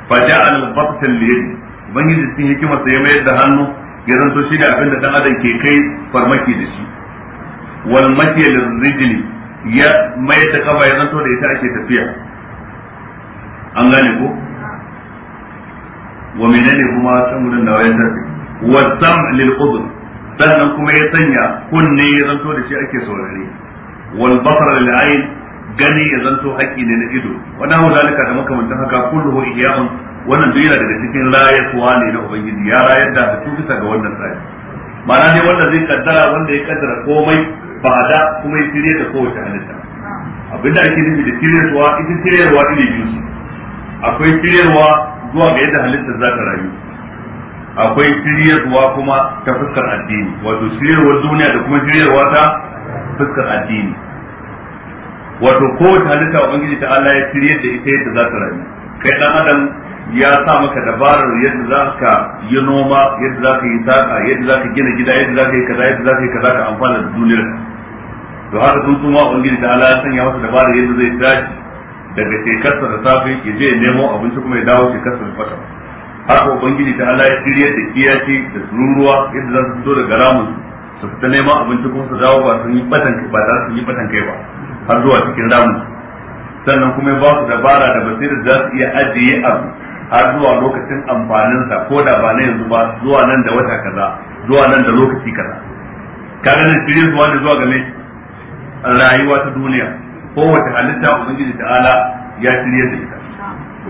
fa ja'al batta liyadi ubangiji cikin hikimar sa ya mayar da hannu ya zanto shi da abin da dan adam ke kai farmaki da shi wal mashi lirrijli ya mayar da kafa ya zanto da ita ake tafiya an gane ko wa menene kuma san gudun da wayan tafi wa sam lil udhun sannan kuma ya sanya kunne ya zanto da shi ake saurare wal basar lil ayn gani ya zanto haƙi ne na ido wa nahu zalika da makamantan haka kulluhu ihya'un wannan duk yana daga cikin rayuwa ne na ubangiji ya rayar da su bisa ga wannan tsari ma'ana ne wanda zai kaddara wanda ya kaddara komai ba da kuma ya shirye da kowace halitta abinda ake nufi da shiryarwa ita shiryarwa iri biyu su, akwai shiryarwa zuwa ga yadda halittar za ta rayu akwai shiryarwa kuma ta fuskar addini wato shiryarwar duniya da kuma shiryarwa ta fuskar addini wato kowace halitta ubangiji ta Allah ya shirye da ita yadda za ta rayu kai dan adam ya sa maka dabarar yadda za ka yi noma yadda za ka yi saka yadda za ka gina gida yadda za ka yi kaza yadda za ka yi kaza ka amfana da duniyar to haka sun suma, ubangiji da ala ya sanya masa dabarar yadda zai tashi daga shekarsa da safe ya je ya nemo abinci kuma ya dawo shekarsa da fata haka ubangiji ta ala ya shirya da kiyashi da tururuwa yadda za su fito daga ramin su fita neman abinci kuma su dawo ba sun yi batan ba tare sun yi batan kai ba har zuwa cikin ramin sannan kuma ya ba su dabara da basirar za su iya ajiye abu har zuwa lokacin amfaninsa ko da ba na yanzu ba zuwa nan da wata kaza zuwa nan da lokaci kaza kaga nan shirye zuwa ne zuwa game rayuwa ta duniya kowace halitta ubangiji ta'ala ya shirye da ita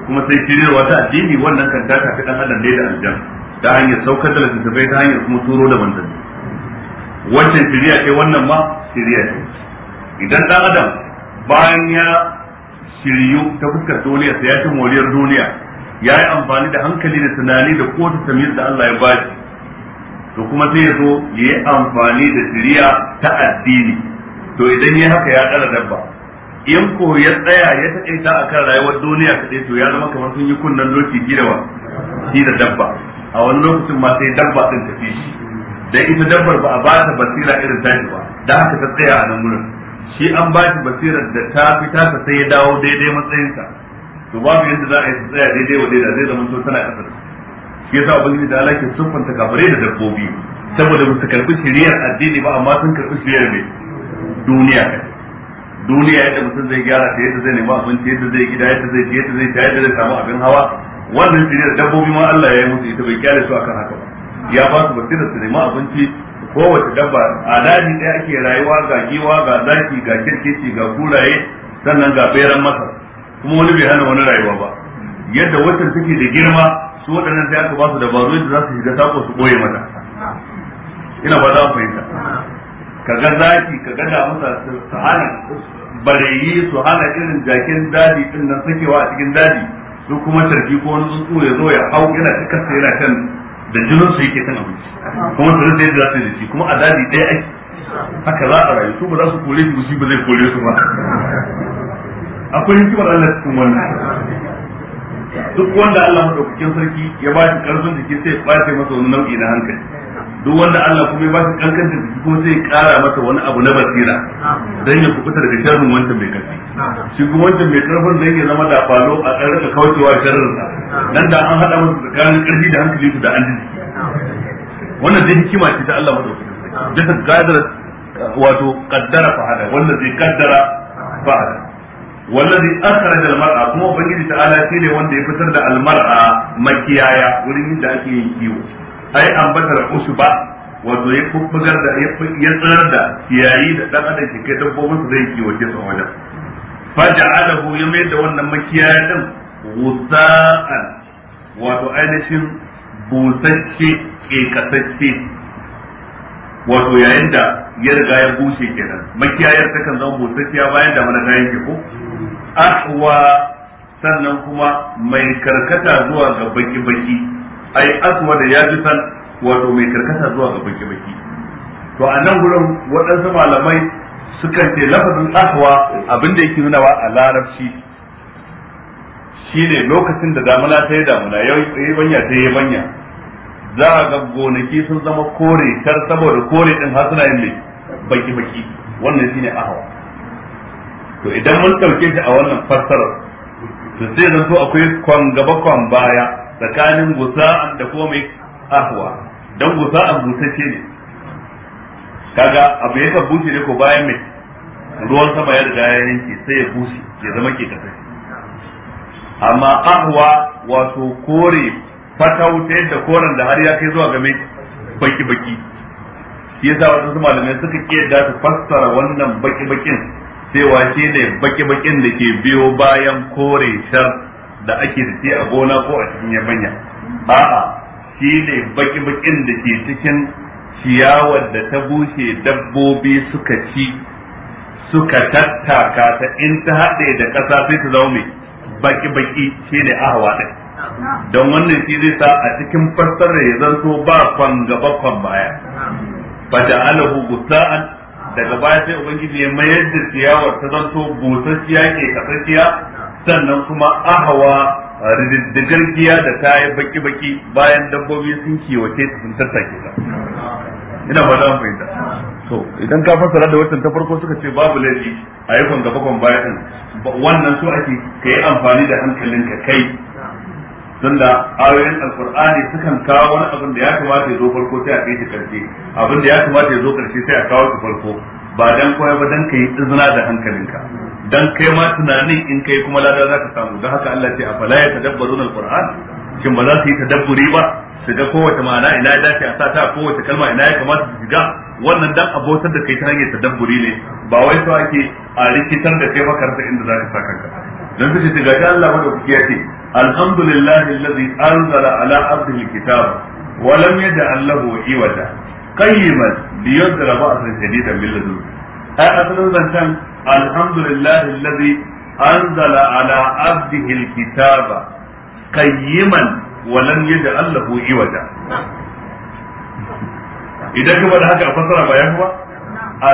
kuma sai shiryarwa ta addini wannan kan ta tafi dan adam ne da aljan ta hanyar saukar da littattafai ta hanyar kuma turo da manzanni wannan shirya ce wannan ma shirya ce idan dan adam bayan ya shiryu ta fuskar duniya sai ya ci moriyar duniya ya yi amfani da hankali da tunani da kowace samir da Allah ya bashi to kuma sai ya zo ya yi amfani da shiriya ta addini to idan ya haka ya ƙara dabba in ko ya tsaya ya taƙaita a kan rayuwar duniya kaɗai to ya zama kamar sun yi kunnen doki gidawa shi da dabba a wani lokacin ma sai dabba ɗin tafi shi Da ita dabbar ba a ba ta basira irin tashi ba da haka ta tsaya a nan wurin shi an ba shi basirar da ta fita ta sai ya dawo daidai matsayinsa to babu yadda za a yi tsaya daidai wa daidai zai zama tana kasar shi yasa abin da Allah ke siffanta kafare da dabbobi saboda musu su karbi shiriyar addini ba amma sun karbi shiriyar mai duniya duniya yadda mutum zai gyara ta yadda zai nemi abinci yadda zai gida yadda zai ci yadda zai ci yadda zai samu abin hawa wannan shiriyar dabbobi ma Allah ya yi musu ita bai kyale su akan haka ba ya ba su basirar su nemi abinci kowace dabba a daji ɗaya ake rayuwa ga giwa ga zaki ga kirkici ga kuraye sannan ga beran masar kuma wani bai hana wani rayuwa ba yadda watan take da girma su waɗannan sai aka ba su dabaru yadda za su shiga sako su ɓoye mata ina ba za mu fahimta ka ga zaki ka ga damusa su hana bareyi su hana irin jakin daji din nan sakewa a cikin daji su kuma sarki ko wani tsuntsu ya zo ya hau yana ta kasa yana kan da jinin su yake kan abinci kuma su rasa yadda za su yi da shi kuma a daji ɗaya ake haka za a rayu su ba za su kore shi shi ba zai kore su ba akwai hikimar Allah cikin wannan duk wanda Allah madaukakin sarki ya ba shi karfin jiki sai ya bace masa wani nau'i na hankali duk wanda Allah kuma ya ba shi kankan da jiki ko sai ya kara masa wani abu na basira dan ya kubuta daga sharrin wancan mai karfi shi kuma wancan mai karfin da yake zama da falo a karka kaucewa sharrin sa nan da an hada masa tsakanin karfi da hankali da an jiki wannan dai hikima ce ta Allah madaukakin sarki da ta gadar wato kaddara fa hada wanda zai kaddara fa hada wallazi akhraja al-mar'a kuma ubangiji ta'ala ne wanda ya fitar da al makiyaya wurin da ake yin kiwo ai ambatar usba wato ya kubbugar da ya tsirar da kiyayi da dan adam ke kai dabbobin su zai kiwo ke son wajen faja'alahu ya mai da wannan makiyaya din wusa'an wato ainihin busacce kekasacce wato yayin da ya riga ya bushe kenan makiyayar ta kan zama busacciya bayan da mana ta yanke ko ahwa sannan kuma mai karkata zuwa ga baki-baki ai aswa da ya san wato mai karkata zuwa ga baki-baki to a nan gurin waɗansu malamai suka ce lafazin ahwa abin da yake nunawa a larabci shine lokacin da damuna ta yi damuna yi banya ta yi banya za a ga gonaki sun zama kore tar saboda kore din har suna yin baki-baki wannan shine ahwa to idan mun ɗauke shi a wannan fassarar to sai zan so akwai kwan gaba kwan baya tsakanin gusa'an da komai mai ahwa dan gusa'an ce ne kaga abu ya bushe ne ko bayan mai ruwan sama ya riga ya yanke sai ya bushe ya zama ke kasa amma ahwa wato kore fatau ta yadda koren da har ya kai zuwa ga mai baki-baki yasa wasu malamai suka ke da su fassara wannan baki-bakin cewa shi ne baki-bakin da ke biyo bayan kore shar da ake da a gona ko a cikin yabanya a'a shi ne baki-bakin da ke cikin ciyawar da ta bushe dabbobi suka ci suka tattaka ta in ta haɗe da ƙasa sai ta zaune. baki-baki shi ne ahawa ɗin don wannan shi zai sa a cikin fassarar ya zanto ba kwan gaba kwan baya fata alahu gusa'an daga baya sai ubangiji ya mayar da ciyawar ta zanto busasshiya ke kasasiya sannan kuma ahawa giya da ta yi baki-baki bayan dabbobi sun kiwace sun tattake ta ina ba zan fahimta to idan ka fassara da watan ta farko suka ce babu laifi a yi gaba kwan bayan wannan su ake ka yi amfani da hankalinka kai tunda ayoyin alqur'ani sukan kawo wani abin da ya kamata ya zo farko sai a kai shi karshe abin da ya kamata ya zo karshe sai a kawo shi farko ba dan koyar ba dan kai izina da hankalinka dan kai ma tunanin in kai kuma lada zaka samu don haka Allah ce afala ya tadabbarun alquran shin ba za su yi tadabburi ba su ga kowace ma'ana ina ya dace a sata kowace kalma ina ya kamata su shiga wannan dan abotar da kai ta hanyar tadabburi ne ba wai so ake a rikitar da kai maka inda zaka sa kanka dan su ce ga Allah mu da ya ce alhamdulillahi allazi anzala ala abdihi alkitab wa lam yaj'al lahu iwaja qayyiman liyunzira ba'san shadidan min ladun ai asalin zancan alhamdulillahi allazi anzala ala abdihi alkitaba qayyiman wa lam yaj'al lahu iwaja idan kuma da haka a fasara bayan kuma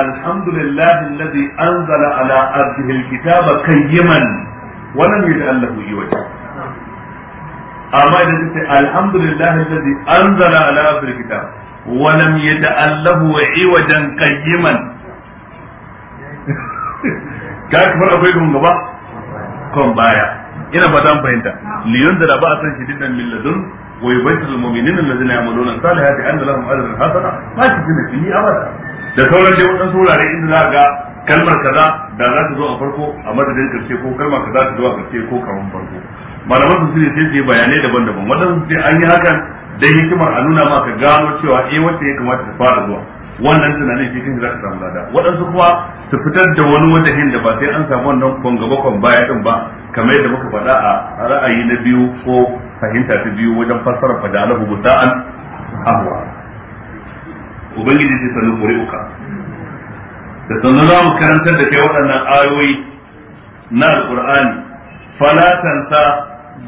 alhamdulillahi alladhi anzala ala abdihi alkitaba qayyiman wannan ya ta'allahu yi wata amma idan ta ce alhamdulillah alladhi anzala ala abdil kitab wa lam yata'allahu iwajan qayyiman ka kamar akwai gun gaba kon baya ina ba dan fahimta liyun da ba a san shi dinnan min ladun wa yubashshiru al-mu'minina alladhina ya'maluna as-salihati anna lahum ajran hasana ba shi ne abada da sauran dai wadansu da inda za ga kalmar kaza da za ta zo a farko a madadin karshe ko kalmar kaza ta zo a karshe ko kamar farko malaman su ne sai su yi bayanai daban-daban wannan sai an yi hakan dai hikimar a nuna maka gano cewa eh wacce ya kamata ta fara zuwa wannan tunanin shi kan za ta samu lada waɗansu kuma su fitar da wani wajahin da ba sai an samu wannan kwangabakon baya din ba kamar yadda muka faɗa a ra'ayi na biyu ko fahimta ta biyu wajen fassara fada alahu an ahwa ubangiji sai sanin uka. da sannan za mu karantar da kai waɗannan ayoyi na alkur'ani fala tansa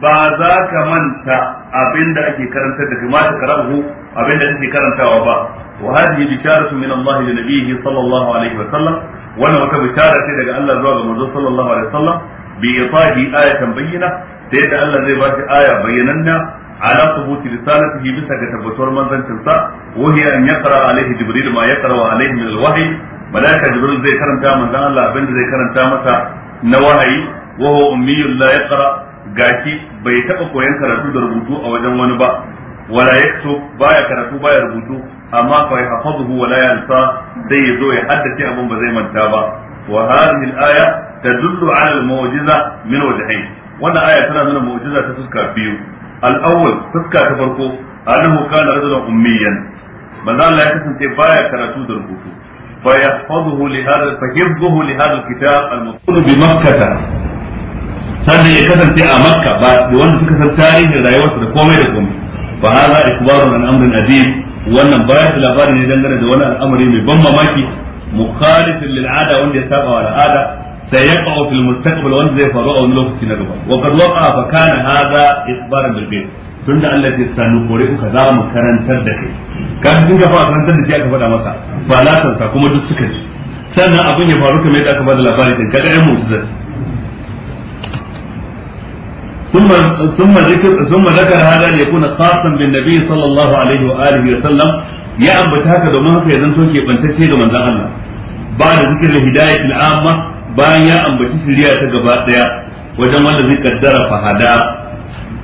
ba za ka manta abinda ake karantar da kai ma ta karahu abinda ake karantawa ba wa hadhihi bisharatu min Allah li nabiyhi sallallahu alaihi wa sallam wannan wata bishara ce daga Allah zuwa ga manzo sallallahu alaihi wa sallam bi itahi ayatan bayyina sai da Allah zai ba shi aya bayyananna على ثبوت رسالته بسا كتبتور منزل تنسى وهي أن يقرأ عليه جبريل ma يقرأ عليه من الوحي malaika jibril zai karanta manzon Allah abin da zai karanta masa na wahayi wa huwa ummiyul la yaqra gashi bai taba koyan karatu da rubutu a wajen wani ba wala yaktub baya karatu baya rubutu amma fa yahfazuhu wala yansa zai zo ya haddace abin ba zai manta ba wa hadhihi al-aya tadullu ala al-mu'jiza min wajhayn wannan aya tana nuna mu'jiza ta fuska biyu al-awwal fuska ta farko annahu kana rajulan ummiyan manzo Allah ya kasance baya karatu da rubutu فيحفظه لهذا فحفظه لهذا الكتاب المذكور بمكة sannan ya kasance a makka ba da wanda suka san tarihin rayuwarsa da komai da komai fa hada ikbaru an amrin azim wannan baya da labarin ne dangane da wani al'amari mai ban mamaki mukhalifin lil ada wanda ya saba wa al'ada sai ya qawo fil mustaqbal wanda zai faru a wani lokaci na gaba wa qad waqa fa kana hada ikbaran bil bayt tunda Allah ya sanu kore ku za mu karantar da kai kan din gaba a karantar da shi aka faɗa masa ba lasansa kuma duk suka ji sannan abin ya faru kamar yadda aka bada labari kan kaga ɗan mu'jizat zai. ثم ذكر ثم ذكر هذا ليكون خاصا بالنبي صلى الله عليه واله وسلم يا ابو هكذا domin haka ya zanto ke bantacce ga manzon Allah ba da zikirin hidayat al'amma bayan ya ambaci shiriya ta gaba ɗaya. wajen wanda zai kaddara fahada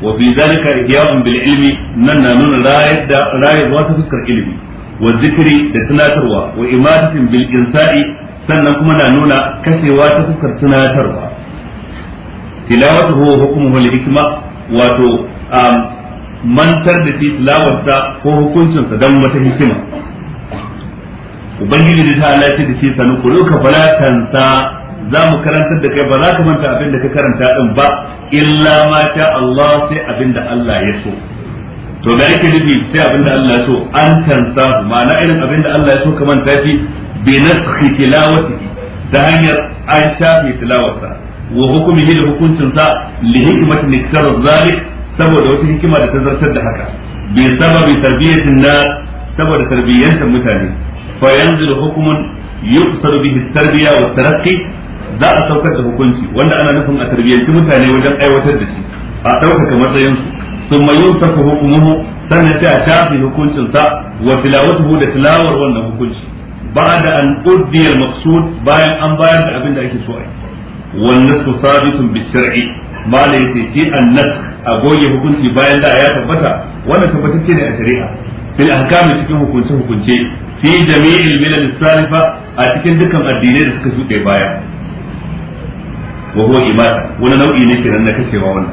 wa fi zalika ihya'un bil ilmi nan na nuna rayar da rayarwa ta fuskar ilimi wa zikri da tunatarwa wa imatatin bil insa'i sannan kuma na nuna kasewa ta fuskar tunatarwa tilawatuhu wa hukmuhu hikma wato um, mantar da shi tilawarsa ko hukuncinsa don mata hikima ubangiji da ta alaƙi da ke sanu ku ruka fala tansa za mu karantar da kai ba za ka manta abin da ka karanta din ba illa ma sha Allah sai abin da Allah ya so to da yake nufi sai abin da Allah ya so an tansa ma'ana irin abin da Allah ya so ka manta shi bi naskhi tilawatihi ta hanyar an sha shafe tilawarsa wa hukumihi da hukuncin sa li hikmatin iktarar zalik saboda wata hikima da ta zartar da haka bi sababi tarbiyatin na saboda tarbiyyantar mutane fa yanzu hukumun yuqsar bihi tarbiya wa tarakki za a saukar da hukunci wanda ana nufin a tarbiyyanci mutane wajen aiwatar da shi a ɗaukaka matsayinsu sun mayun tafi hukumuhu sannan sai a shafi hukuncinsa wa tilawatuhu da tilawar wannan hukunci ba da an ƙuddiyar maksud bayan an bayar da abin da ake so a yi wannan su sabitun bi shar'i ma la annas a goge hukunci bayan da ya tabbata wannan tabbatacce ne a shari'a fil ahkami cikin hukunce hukunce fi jami'il milal salifa a cikin dukkan addinai da suka shuɗe baya wa huwa imata wani nau'i ne kenan na kashewa wannan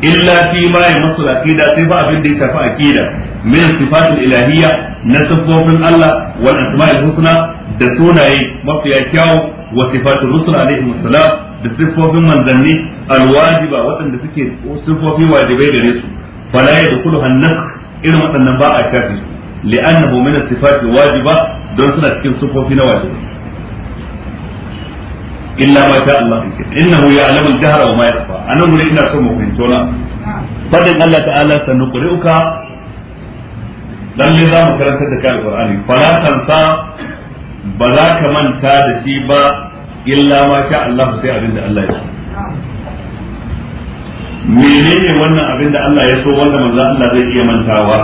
illa fi ma ya masu aqida ba abin da ya tafi aqida min sifatul ilahiyya na sifofin Allah wal asma'il husna da sunaye mafiya kyawu wa sifatul rusul alaihi wassalam da sifofin manzanni alwajiba waɗanda suke sifofi wajibai gare su da yadkhulu hannak irin waɗannan ba a shafi su li'annahu min as-sifati wajiba don suna cikin sifofi na wajibai illa ma sha Allah innahu ya'lamu al-jahra wa ma yakhfa anan mun ina so mu fahimto na fadin Allah ta'ala sanuqri'uka lalle za mu karanta da kai alqur'ani fala tansa ba za ka manta da shi ba illa ma sha Allah Allah ya so menene wannan abin da Allah ya so wanda manzo Allah zai iya mantawa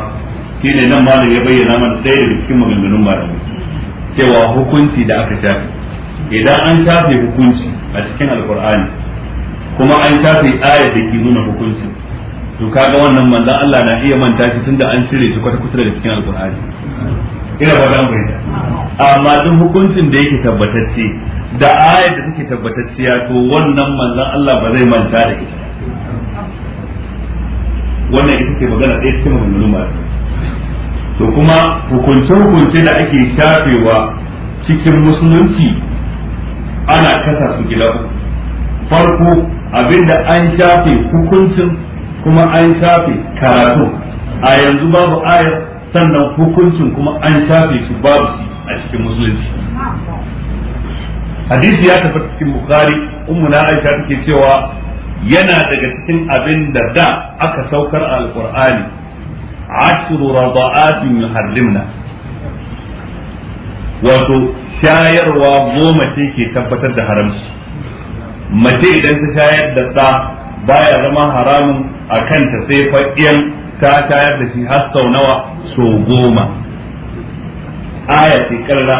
shine nan malam ya bayyana mana ɗaya da cikin maganganun malamai cewa hukunci da aka shafi idan an shafe hukunci a cikin alkur'ani kuma an shafe ayat da ke nuna hukunci to kaga wannan manzo Allah na iya manta shi tunda an cire shi kwata kusa daga cikin alkur'ani ina ba da amfani amma duk hukuncin da yake tabbatacce da ayat da take ya to wannan manzo Allah ba zai manta da ita wannan ita ce magana ɗaya cikin maganganun masu to kuma hukunce-hukunce da ake shafewa cikin musulunci ana kasa su gida uku farko abinda an shafe hukuncin kuma an shafe karatu a yanzu babu ayar sannan hukuncin kuma an shafe su babu su a cikin musulunci hadisi ya tafi cikin bukari umu na aisha take cewa yana daga cikin abin da da aka saukar alkur'ani ashru rada'atin yuharrimna wato shayarwa goma ce ke tabbatar da haramci mace idan ta shayar da ɗa baya zama haramun a kanta sai fa'iyan ta shayar da shi har sau nawa so goma aya ce karra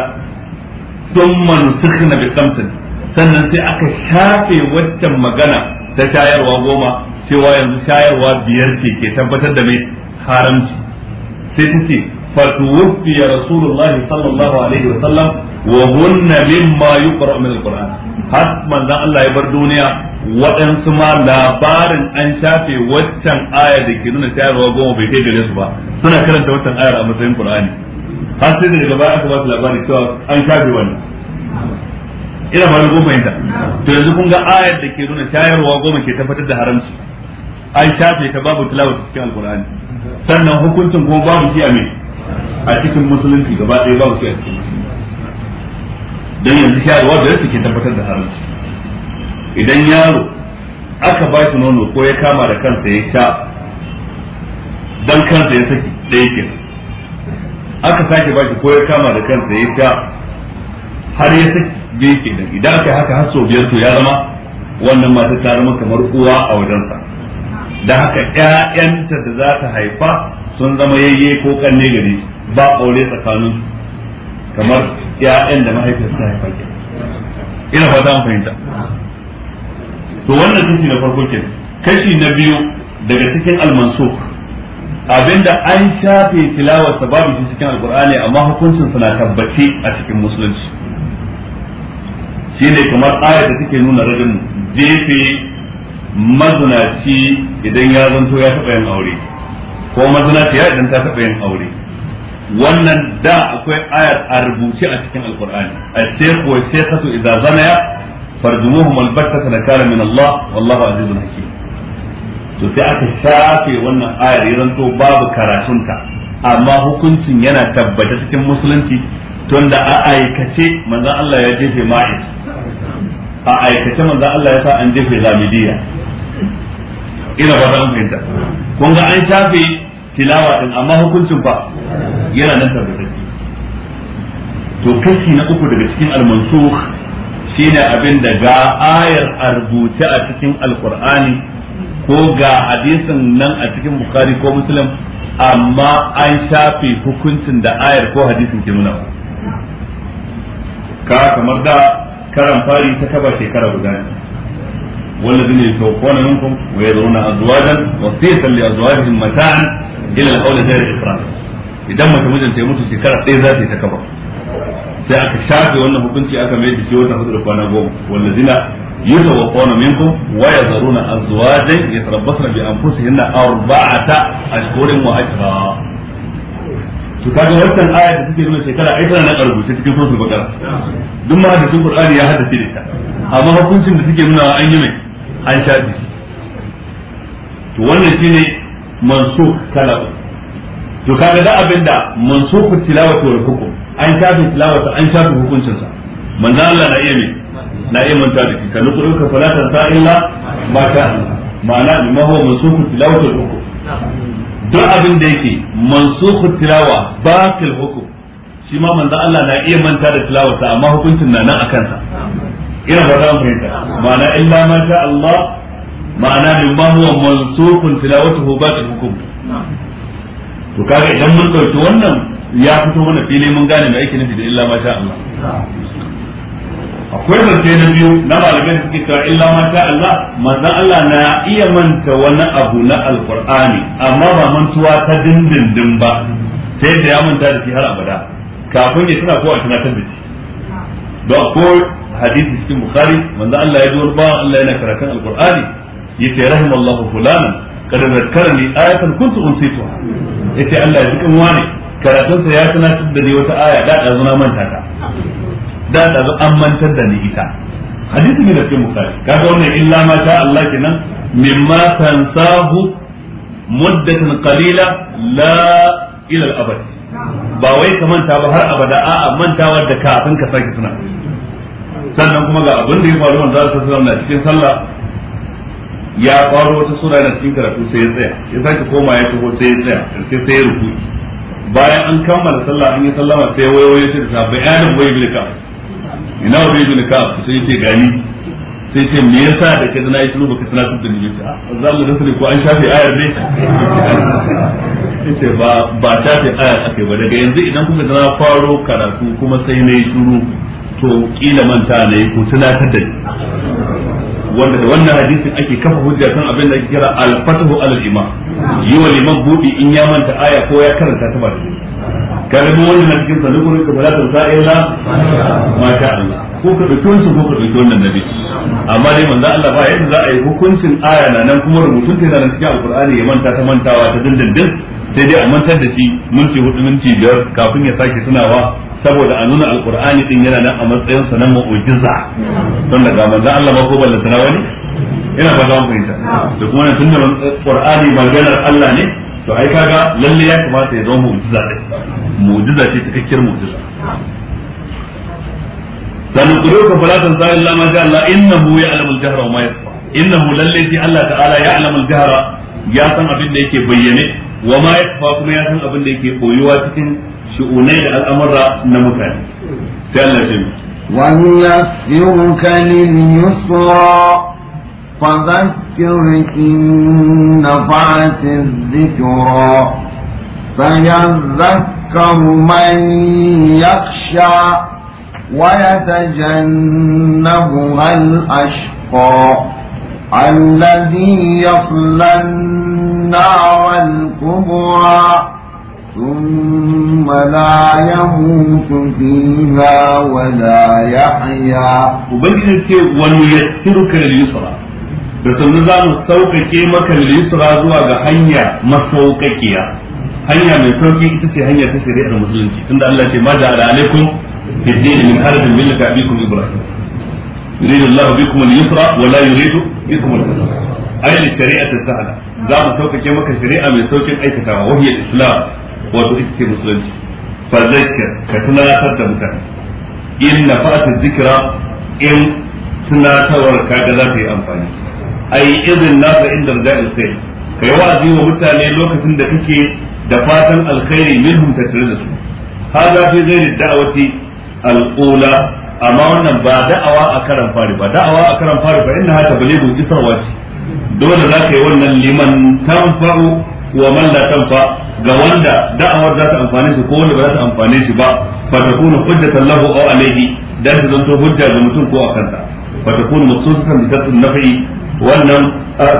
sun manusukhna bi samsin sannan sai aka shafe waccan magana ta shayarwa goma cewa yanzu shayarwa biyar ce ke tabbatar da mai haramci sai ta ce فتوفي رسول الله صلى الله عليه وسلم وهن مما يقرأ من القرآن حتما ذا الله يبر دنيا وإن سما لابار أن شافي واتشان آية دي كنون شعر وقوم بيتي دي لسبا سنة كرن تواتشان آية أمسين قرآن har sai daga baya aka ba su labari cewa an shafe ina ba da goma yanta to yanzu kun ga ayar da ke nuna shayarwa goma ke tabbatar da haramci an shafe ta babu tilawa cikin alkur'ani sannan hukuncin kuma babu shi a mai a cikin musulunci gaba ɗaya ba wasu a cikin musulunci Don yanzu shayarwa da ke tabbatar da haramci idan yaro aka ba shi nono ko ya kama da kansa ya sha Don kansa ya saki ɗaya ke aka sake ba shi ko ya kama da kansa ya sha har ya saki ɗaya ke nan idan aka haka har sau biyar to ya zama wannan mata ta zama kamar uwa a wajensa da haka ƴaƴanta da za ta haifa sun zama yayye ko kanne gari ba aure tsakanin kamar ƴaƴan da mahaifiyar ta haifa ke ina fata an fahimta to wannan kashi na farko ke kashi na biyu daga cikin almansuk abinda an shafe tilawarsa babu shi cikin alkur'ani amma hukuncin na tabbace a cikin musulunci shine kamar ayar da take nuna rajin jefe mazunaci idan ya zanto ya taɓa yin aure ko mazinaciya idan ta taɓa yin aure wannan da akwai ayar a rubuce a cikin alkur'ani A sayyidu wa sayyidatu idza zanaya farjumuhum albatta nakala min Allah wallahu azizun hakim to sai aka shafe wannan ayar yaran to babu karatunta amma hukuncin yana tabbata cikin musulunci tunda a aikace manzon Allah ya jefe ma'is a aikace manzon Allah ya sa an jefe zamidiya ina ba zan fahimta kun ga an shafe tilawa din amma hukuncin ba yana nan tabbatacce to kashi na uku daga cikin al-mansukh shine abin da ga ayar a rubuce a cikin alkur'ani ko ga hadisin nan a cikin bukhari ko muslim amma an shafe hukuncin da ayar ko hadisin ke nuna ka kamar da karan fari ta taba shekara guda ne yi saukona yankun والذين يتوفون منكم ويذرون ازواجا وصيه لازواجهم متاعا ila alqawl ghayr ifrat idan mace mijinta ya mutu shekara ɗaya za ta yi ta kaba sai aka shafe wannan hukunci aka mai da shi wata hudu da kwana goma wallazina yatawaffawna minkum wa yazaruna azwajan yatarabbasna bi anfusihinna arba'ata ashhurin wa ashra to kaga wannan aya da take nuna shekara ai tana nan a rubuce cikin suratul baqara duk ma da cikin qur'ani ya haddace da ita amma hukuncin da take nuna an yi mai an shafe to wannan shine mansukh kala to kaga da abinda mansukh tilawatu wal hukm an shafi tilawata an shafi hukuncin sa manzo Allah na iya ne na iya manta da kika nuku ka falata ta illa ma ta ma'ana bima huwa mansukh tilawatu wal hukm duk abin da yake mansukh tilawa batil hukm shi ma manzo Allah na iya manta da tilawata amma hukuncin na nan akan sa ina ba za mu fahimta ma'ana illa ma sha Allah ma'ana mimma huwa mansukun tilawatuhu ta hukum to kaga idan mun dauki wannan ya fito mana fili mun gane mai ake nufi da illa ma sha Allah akwai zance na biyu na malamai da suke cewa illa ma sha Allah manzon Allah na iya manta wani abu na alqur'ani amma ba mantuwa ta dindindin ba sai da ya manta da shi har abada kafin ya tana ko a tunatar da shi don ko hadisi cikin bukhari manzon Allah ya zo ba Allah yana karatun alqur'ani yace rahimallahu fulanan kad zakkarani ayatan kuntu unsituha yace Allah ya jikin wani karatun sa ya tunatar da ni wata aya da da zuna manta ta da da an mantar da ni ita hadisi ne da ke bukari kaga wannan illa ma sha Allah kenan mimma tansahu muddatan qalila la ila al-abad ba wai ka manta ba har abada a'a mantawar da kafin ka sake tuna sannan kuma ga abin da ya faru wanda Allah sallallahu alaihi na cikin sallah ya faro wata sura na cikin karatu sai ya tsaya ya sake koma ya taho sai ya tsaya sai sai ya ruku bayan an kammala sallah an yi sallama sai ya ce da sabai adam wai bil ka ina wai bil ka sai ce gani sai ce me yasa da kaza na yi shiru baka sanar da ni ta ah, za mu rasa ko an shafe ayar ne sai ba ba ta ce ayar ake, ba daga yanzu idan da na faro karatu kuma sai na yi shiru to kila manta ne ko tunatar da ni wanda da wannan hadisin ake kafa hujja kan abin da ake kira al-fathu al-imam yi wa liman budi in ya manta aya ko ya karanta ta ba da kaga mu wannan cikin sanukurin ka fara tausa illa ma sha Allah ko ka dauki wancan ko ka dauki wannan nabi amma dai manzo Allah ba yadda za a yi hukuncin aya na nan kuma rubutun ta nan cikin alqur'ani ya manta ta mantawa ta dindindin sai dai a mantar da shi minti hudu minti biyar kafin ya sake tunawa saboda a nuna alkur'ani din yana nan a matsayin sa na mu'jiza don daga manzo Allah ma ko balla sana wani ina ba zan fahimta da kuma nan tunda alkur'ani maganar Allah ne to ai kaga lalle ya kamata ya zama mu'jiza din mu'jiza ce cikakkiyar mu'jiza dan kuruka falatan sa illa ma ja Allah innahu ya'lamu al-jahra wa ma yakhfa innahu lalle ji Allah ta'ala ya'lamu al-jahra ya san abin da yake bayyane wa ma yakhfa kuma ya san abin da yake koyuwa cikin shu'unai da al'amura na mutane sai Allah ya ce ونيسرك لليسرى فذكر إن نفعت الذكرى سيذكر من يخشى ويتجنبها الأشقى الذي يصلى النار الكبرى ثم لا يموت فيها ولا يحيا وبنجد ce ونيسرك لليسرى da sannu za mu sauƙaƙe maka lissura zuwa ga hanya masauƙaƙiya hanya mai sauƙi ita ce hanya ta shari'ar musulunci tunda Allah ce ma da alaikum bidin min harajin millaka abikum ibrahim yuridu Allah bikum al-yusra wa la yuridu bikum al-usra ayi shari'atu sahla za mu sauƙaƙe maka shari'a mai sauƙin aikatawa wahiyar islam wato ita ce musulunci fa ka tunatar da mutane in na fata zikira in tunatawar kaga za ta yi amfani ai izin na nasa inda raja'il sai kai wa'azi wa mutane lokacin da kake da fatan alkhairi minhum tattare da su hada fi ghairi da'wati al-ula amma wannan ba da'awa a karan fari ba da'awa a karan fari fa innaha tablighu isarwa ce dole za ka yi wannan liman tanfa'u wa man la tanfa ga wanda da'awar za ta amfane shi ko wanda ba za ta amfane shi ba fa takunu hujjatan lahu aw alayhi dan ta zanto hujja ga mutum ko a kansa fa takunu maqsusatan bi tafsir nafi wannan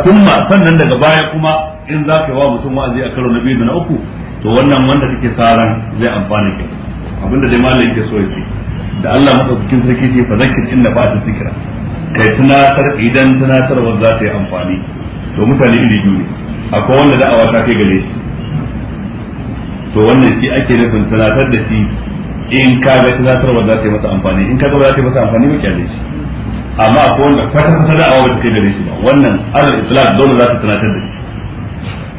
kuma sannan daga baya kuma in za ka yi wa mutum wa'azi a karo na biyu da na uku to wannan wanda kake saran zai amfane ki abinda dai malam yake so ya ce da Allah madaukakin sarki ce fa zakir inna ba ta zikira kai tunatar idan tunatarwa za ta yi amfani to mutane ne biyu ne akwai wanda da'awa ta kai gare shi to wannan shi ake nufin tunatar da shi in ka ga tunatarwa za ta yi masa amfani in ka ga za ta yi masa amfani ba kyale shi amma akwai wanda kwata kwata da'awa ba ta kai gare shi ba wannan alal islam dole za ta tunatar da shi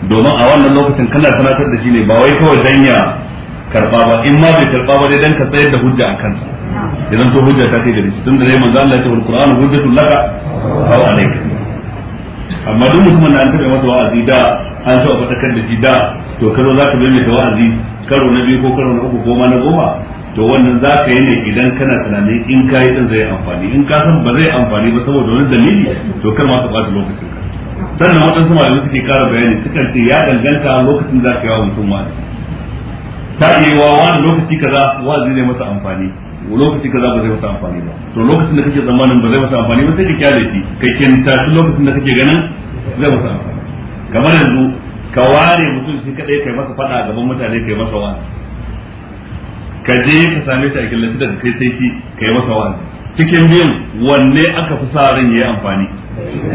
domin a wannan lokacin kana tunatar da shi ne ba wai kawai dan ya karba ba in ma bai karba ba dai dan ka tsayar da hujja a kansa idan to hujja ta kai gare shi tunda dai manzo Allah ya ce alqur'anu hujjatul laka aw alayka amma duk mutumin da an taɓa masa wa'azi da an taɓa a fatakar da shi da to ka zo za ka da wa'azi karo na biyu ko karo na uku ko ma na goma to wannan za ka yi ne idan kana tunanin in ka yi zai amfani in ka san ba zai amfani ba saboda wani dalili to kar ma ka ɓata lokacin ka sannan waɗansu malamai suke ƙara bayani sukan ce ya danganta lokacin za ka yi wa mutum wa'azi ta iya wa wani lokaci kaza wa'azi zai masa amfani lokaci kaza ba zai wasa amfani ba to lokacin da kake zamanin ba zai wasa amfani ba sai ka kyale shi kai kinta shi lokacin da kake ganin zai wasa amfani kamar yanzu ka ware mutum shi kadai kai masa fada a gaban mutane kai masa wani ka je ka same shi a killace daga kai sai shi kai masa wani cikin biyun wanne aka fi sa ran yayi amfani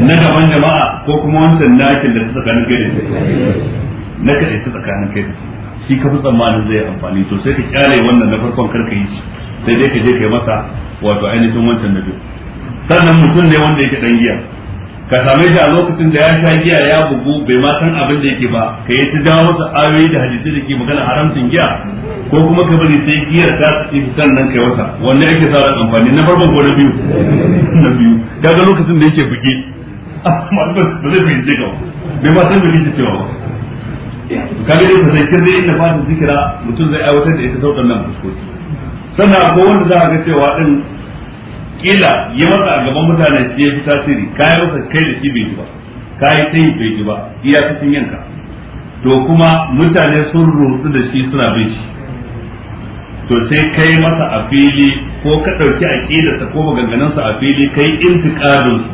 na gaban jama'a ko kuma wancan na killace tsakanin kai da na kai tsakanin kai da shi ka fi tsammanin zai amfani to sai ka kyale wannan na farkon karka yi shi sai dai ka je kai masa wato ainihin wancan na biyu sannan mutum ne wanda yake dan giya ka same shi a lokacin da ya sha giya ya bugu bai ma san abin da yake ba ka yi ta jawo masa ayoyi da hadisi da ke magana haramcin giya ko kuma ka bari sai giyar ta tafi sannan kai wasa wanda yake sa amfani na farko ko na biyu na biyu daga lokacin da yake buge amma ba zai fahimce ka bai ma san bai cewa ba kaga dai ka zai kirdi inda fata zikira mutum zai aiwatar da ita sauɗan nan fuskoki sannan akwai wanda za a ga cewa din kila ya masa a gaban mutane shi ya fi tasiri ka yi masa kai da shi bai ji ba ka yi ta yi bai ji ba iya cikin yanka to kuma mutane sun rutsu da shi suna bin shi to sai kai masa a fili ko ka ɗauki a aƙidarsa ko maganganunsa a fili kai intiƙadin su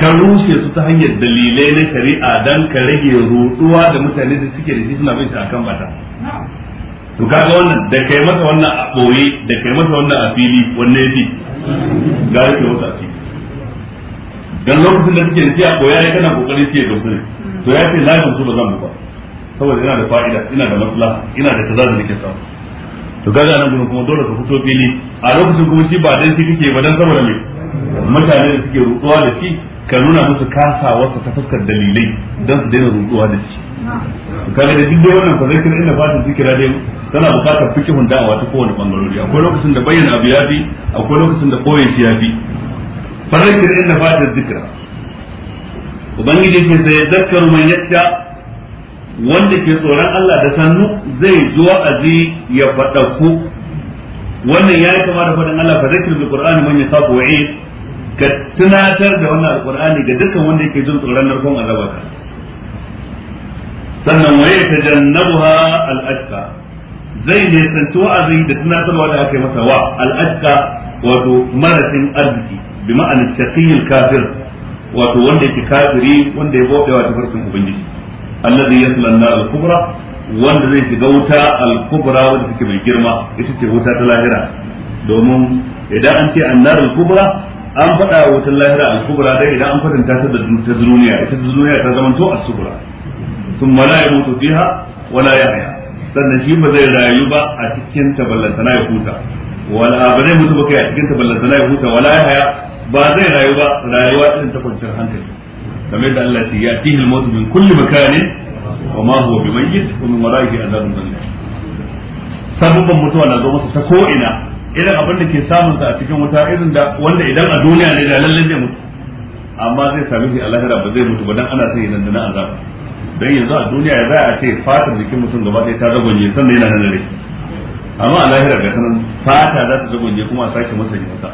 ka rushe su ta hanyar dalilai na shari'a dan ka rage ruɗuwa da mutane da suke da shi suna bin shi akan bata to kaga wannan da kai masa wannan a boye da kai masa wannan a fili wanne yafi ga yake wata a fili dan lokacin da kike ji a boye ai kana kokarin ce ga su to ya ce lafiyar su ba zan ba saboda ina da fa'ida ina da maslaha ina da kaza da nake samu to kaga nan gurin kuma dole ka fito fili a lokacin kuma shi ba dan shi kake ba dan saboda me mutane da suke rutsuwa da shi ka nuna musu wasu ta fuskar dalilai don su daina rutsuwa da shi kaga da duk wannan fa zai kira ina fatan zikira dai tana bukatar fikihun da'awa ta kowane bangarori akwai lokacin da bayyana abu yafi akwai lokacin da koyi shi yafi inda inna fata zikira. ubangiji ke sai zakkaru man yatta wanda ke tsoron Allah da sannu zai ji wa'azi ya faɗaku wannan yayi kama da faɗin Allah fa zakir bil qur'ani man yasafu ka tunatar da wannan alqur'ani ga dukkan wanda yake jin tsoron narkon azaba sannan waye tajannabuha al-ashqa zai nisanci wa'azi da tunatarwa da aka yi masa wa al'ashqa wato marasin arziki bi ma'ana shaqiyul kafir wato wanda yake kafiri wanda ya bauta wa tafarkin ubangiji allazi yasla an al-kubra wanda zai shiga wuta al-kubra wanda take mai girma ita ce wuta ta lahira domin idan an ce annar al-kubra an faɗa wutar lahira al-kubra dai idan an kwatanta ta da ta duniya ita ta duniya ta zama to as-kubra thumma la yamutu fiha wa la yahya sannan shi ba zai rayu ba a cikin ta ballantana ya huta wala ba zai mutu ba kai a cikin ta ballantana ya huta wala ya haya ba zai rayu ba rayuwa irin ta kwanciyar hankali kamar da Allah ya ya al-maut min kulli makanin wa ma huwa bimayyit wa min wara'ihi azabun alim Sabubban mutuwa na zo masa ta ko ina irin abin da ke samun sa a cikin wuta irin da wanda idan a duniya ne da lalle zai mutu amma zai sami shi a lahira ba zai mutu ba dan ana sai nan da na azaba dan yanzu a duniya ya za a ce fatar jikin mutum gaba ɗaya ta zagonye sannan yana nan rai amma a lahira ga sanan fata za ta zagonye kuma a sake masa jinsa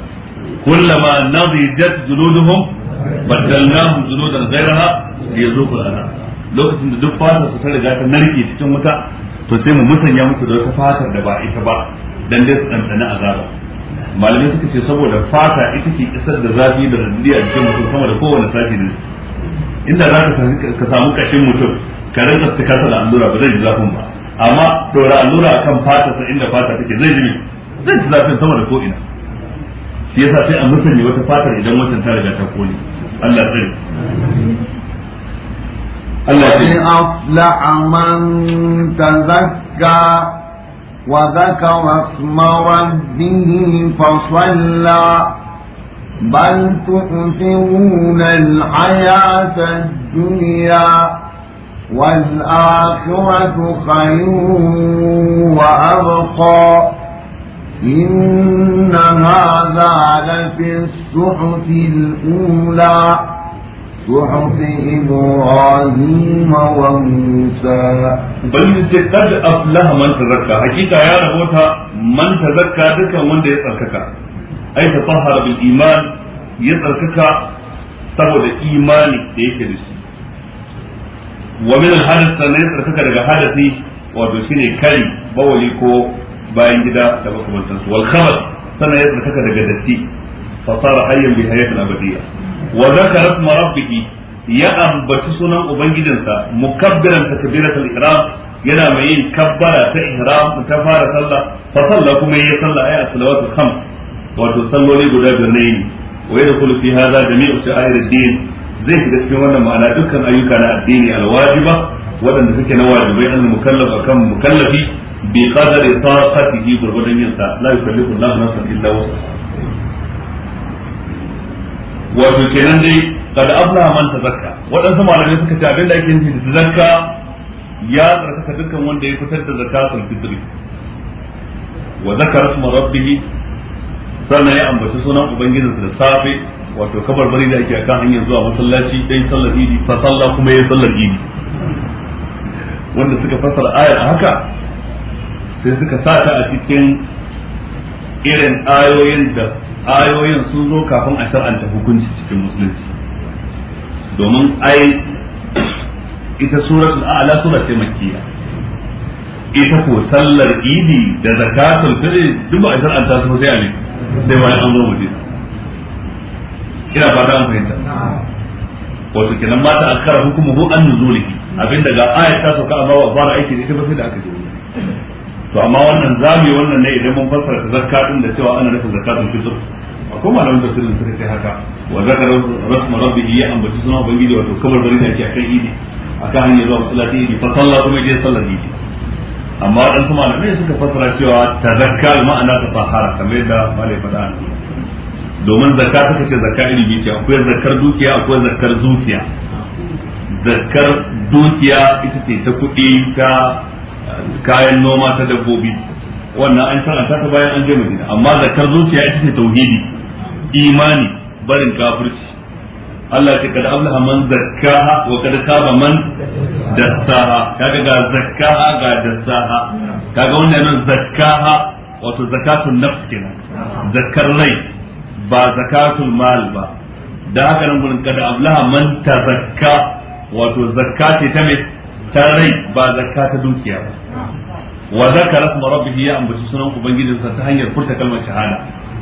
kullama nadijat juluduhum baddalnahum juludan ghayraha liyazuqul adha lokacin da duk fatar su ta riga ta narke cikin wuta to sai mu musanya musu da wata fatar da ba ita ba dan dai su a azaba malamai suka ce saboda fata ita ke isar da zafi da radiyya a jikin mutum sama da kowane sashi ne inda za ka samu kashin mutum ka rinka kasa da allura ba zai ji zafin ba amma dora allura fata fatarsa inda fata take zai ji zai ji zafin sama da ko'ina. ina shi yasa sai a musanya wata fatar idan watan ta riga ta koli Allah zai Allah ya afla man tazakka وذكر bihi fa sallaa بل تؤثرون الحياة الدنيا والآخرة خير وأبقى إن هذا لفي الصحف الأولى صحف إبراهيم وموسى بل قد أفلح من تزكى حقيقة يا ربوتها من تزكى ذكى من يتركك ai ta tahara bil iman ya tsarkaka saboda imani da yake da shi wa min al ya tsarkaka daga hadathi wato shine kari bawali ko bayan gida da makamantansu wal khabar sannan ya tsarkaka daga datti fasara hayyan bi hayatin abadiyya wa zakara isma rabbih ya ambaci sunan ubangijinsa mukabbiran takbiratul ihram yana mai yin kabbara ta ihram ta fara sallah fa sallah kuma ya sallah ayat salawatul khams wato salloli guda biyar na yini wa yadkhulu fi hadha jami'u sha'air ad-din zai shiga cikin wannan ma'ana dukkan ayyuka na addini al-wajiba waɗanda suke na wajibai an mukallaf akan mukallafi bi qadari taqatihi gurgudan yin sa la yukallifu Allahu nafsan illa wusa wato kenan dai kada abla man tazakka waɗansu malamai suka ce abin da ake nufi da zakka ya tsarkaka dukkan wanda ya fitar da zakatul fitri wa zakara rabbihi sannan ya ambaci sunan ubangiji da safe wato bari da ake akan hanyar zuwa masallaci dai sallar idi fa salla kuma ya sallar idi wanda suka fasara ayar haka sai suka sa ta a cikin irin ayoyin da ayoyin sun zo kafin a shar'anta hukunci cikin musulunci domin ai ita suratul a'la sura ce ita ko sallar idi da zakatul fitr duk ba a shar'anta su sai a ne sai bayan an zo madina ina fata an fahimta wato kenan ma ta akara hukumuhu an nuzuli abinda ga ayat ta sauka amma ba fara aiki ne ta sai da aka je to amma wannan zami wannan ne idan mun fassara ta zakka din da cewa ana nufin zakatul fitr akwai malamin tafsirin suka sai haka wa zakara rasmu rabbihi ya ambaci sunan ubangiji wato kamar bari ne ake akan idi akan hanyar zuwa masallaci idi fa sallatu kuma je sallar idi amma waɗansu malamai suka fassara cewa ta tazakka ma'ana ta tahara kamar yadda malai faɗa domin zakka ta kace zakka iri biyu ce akwai zakkar dukiya akwai zakkar zuciya zakkar dukiya ita ce ta kuɗi ta eh, kayan noma ta dabbobi wannan an karanta ta bayan an je madina amma zakar zuciya ita ce tauhidi imani barin kafirci Allah ce kada ablaha man zakkaha wa kada kaba man dassaha kaga ga zakkaha ga dassaha kaga wannan nan zakkaha wato zakatun nafs kenan zakkar rai ba zakatul mal ba da haka nan gurin kada ablaha man tazakka wato zakka ce ta mai ta rai ba zakka ta dukiya ba wa zakara rabbihi ya ambaci sunan ubangijinsa ta hanyar furta kalmar shahada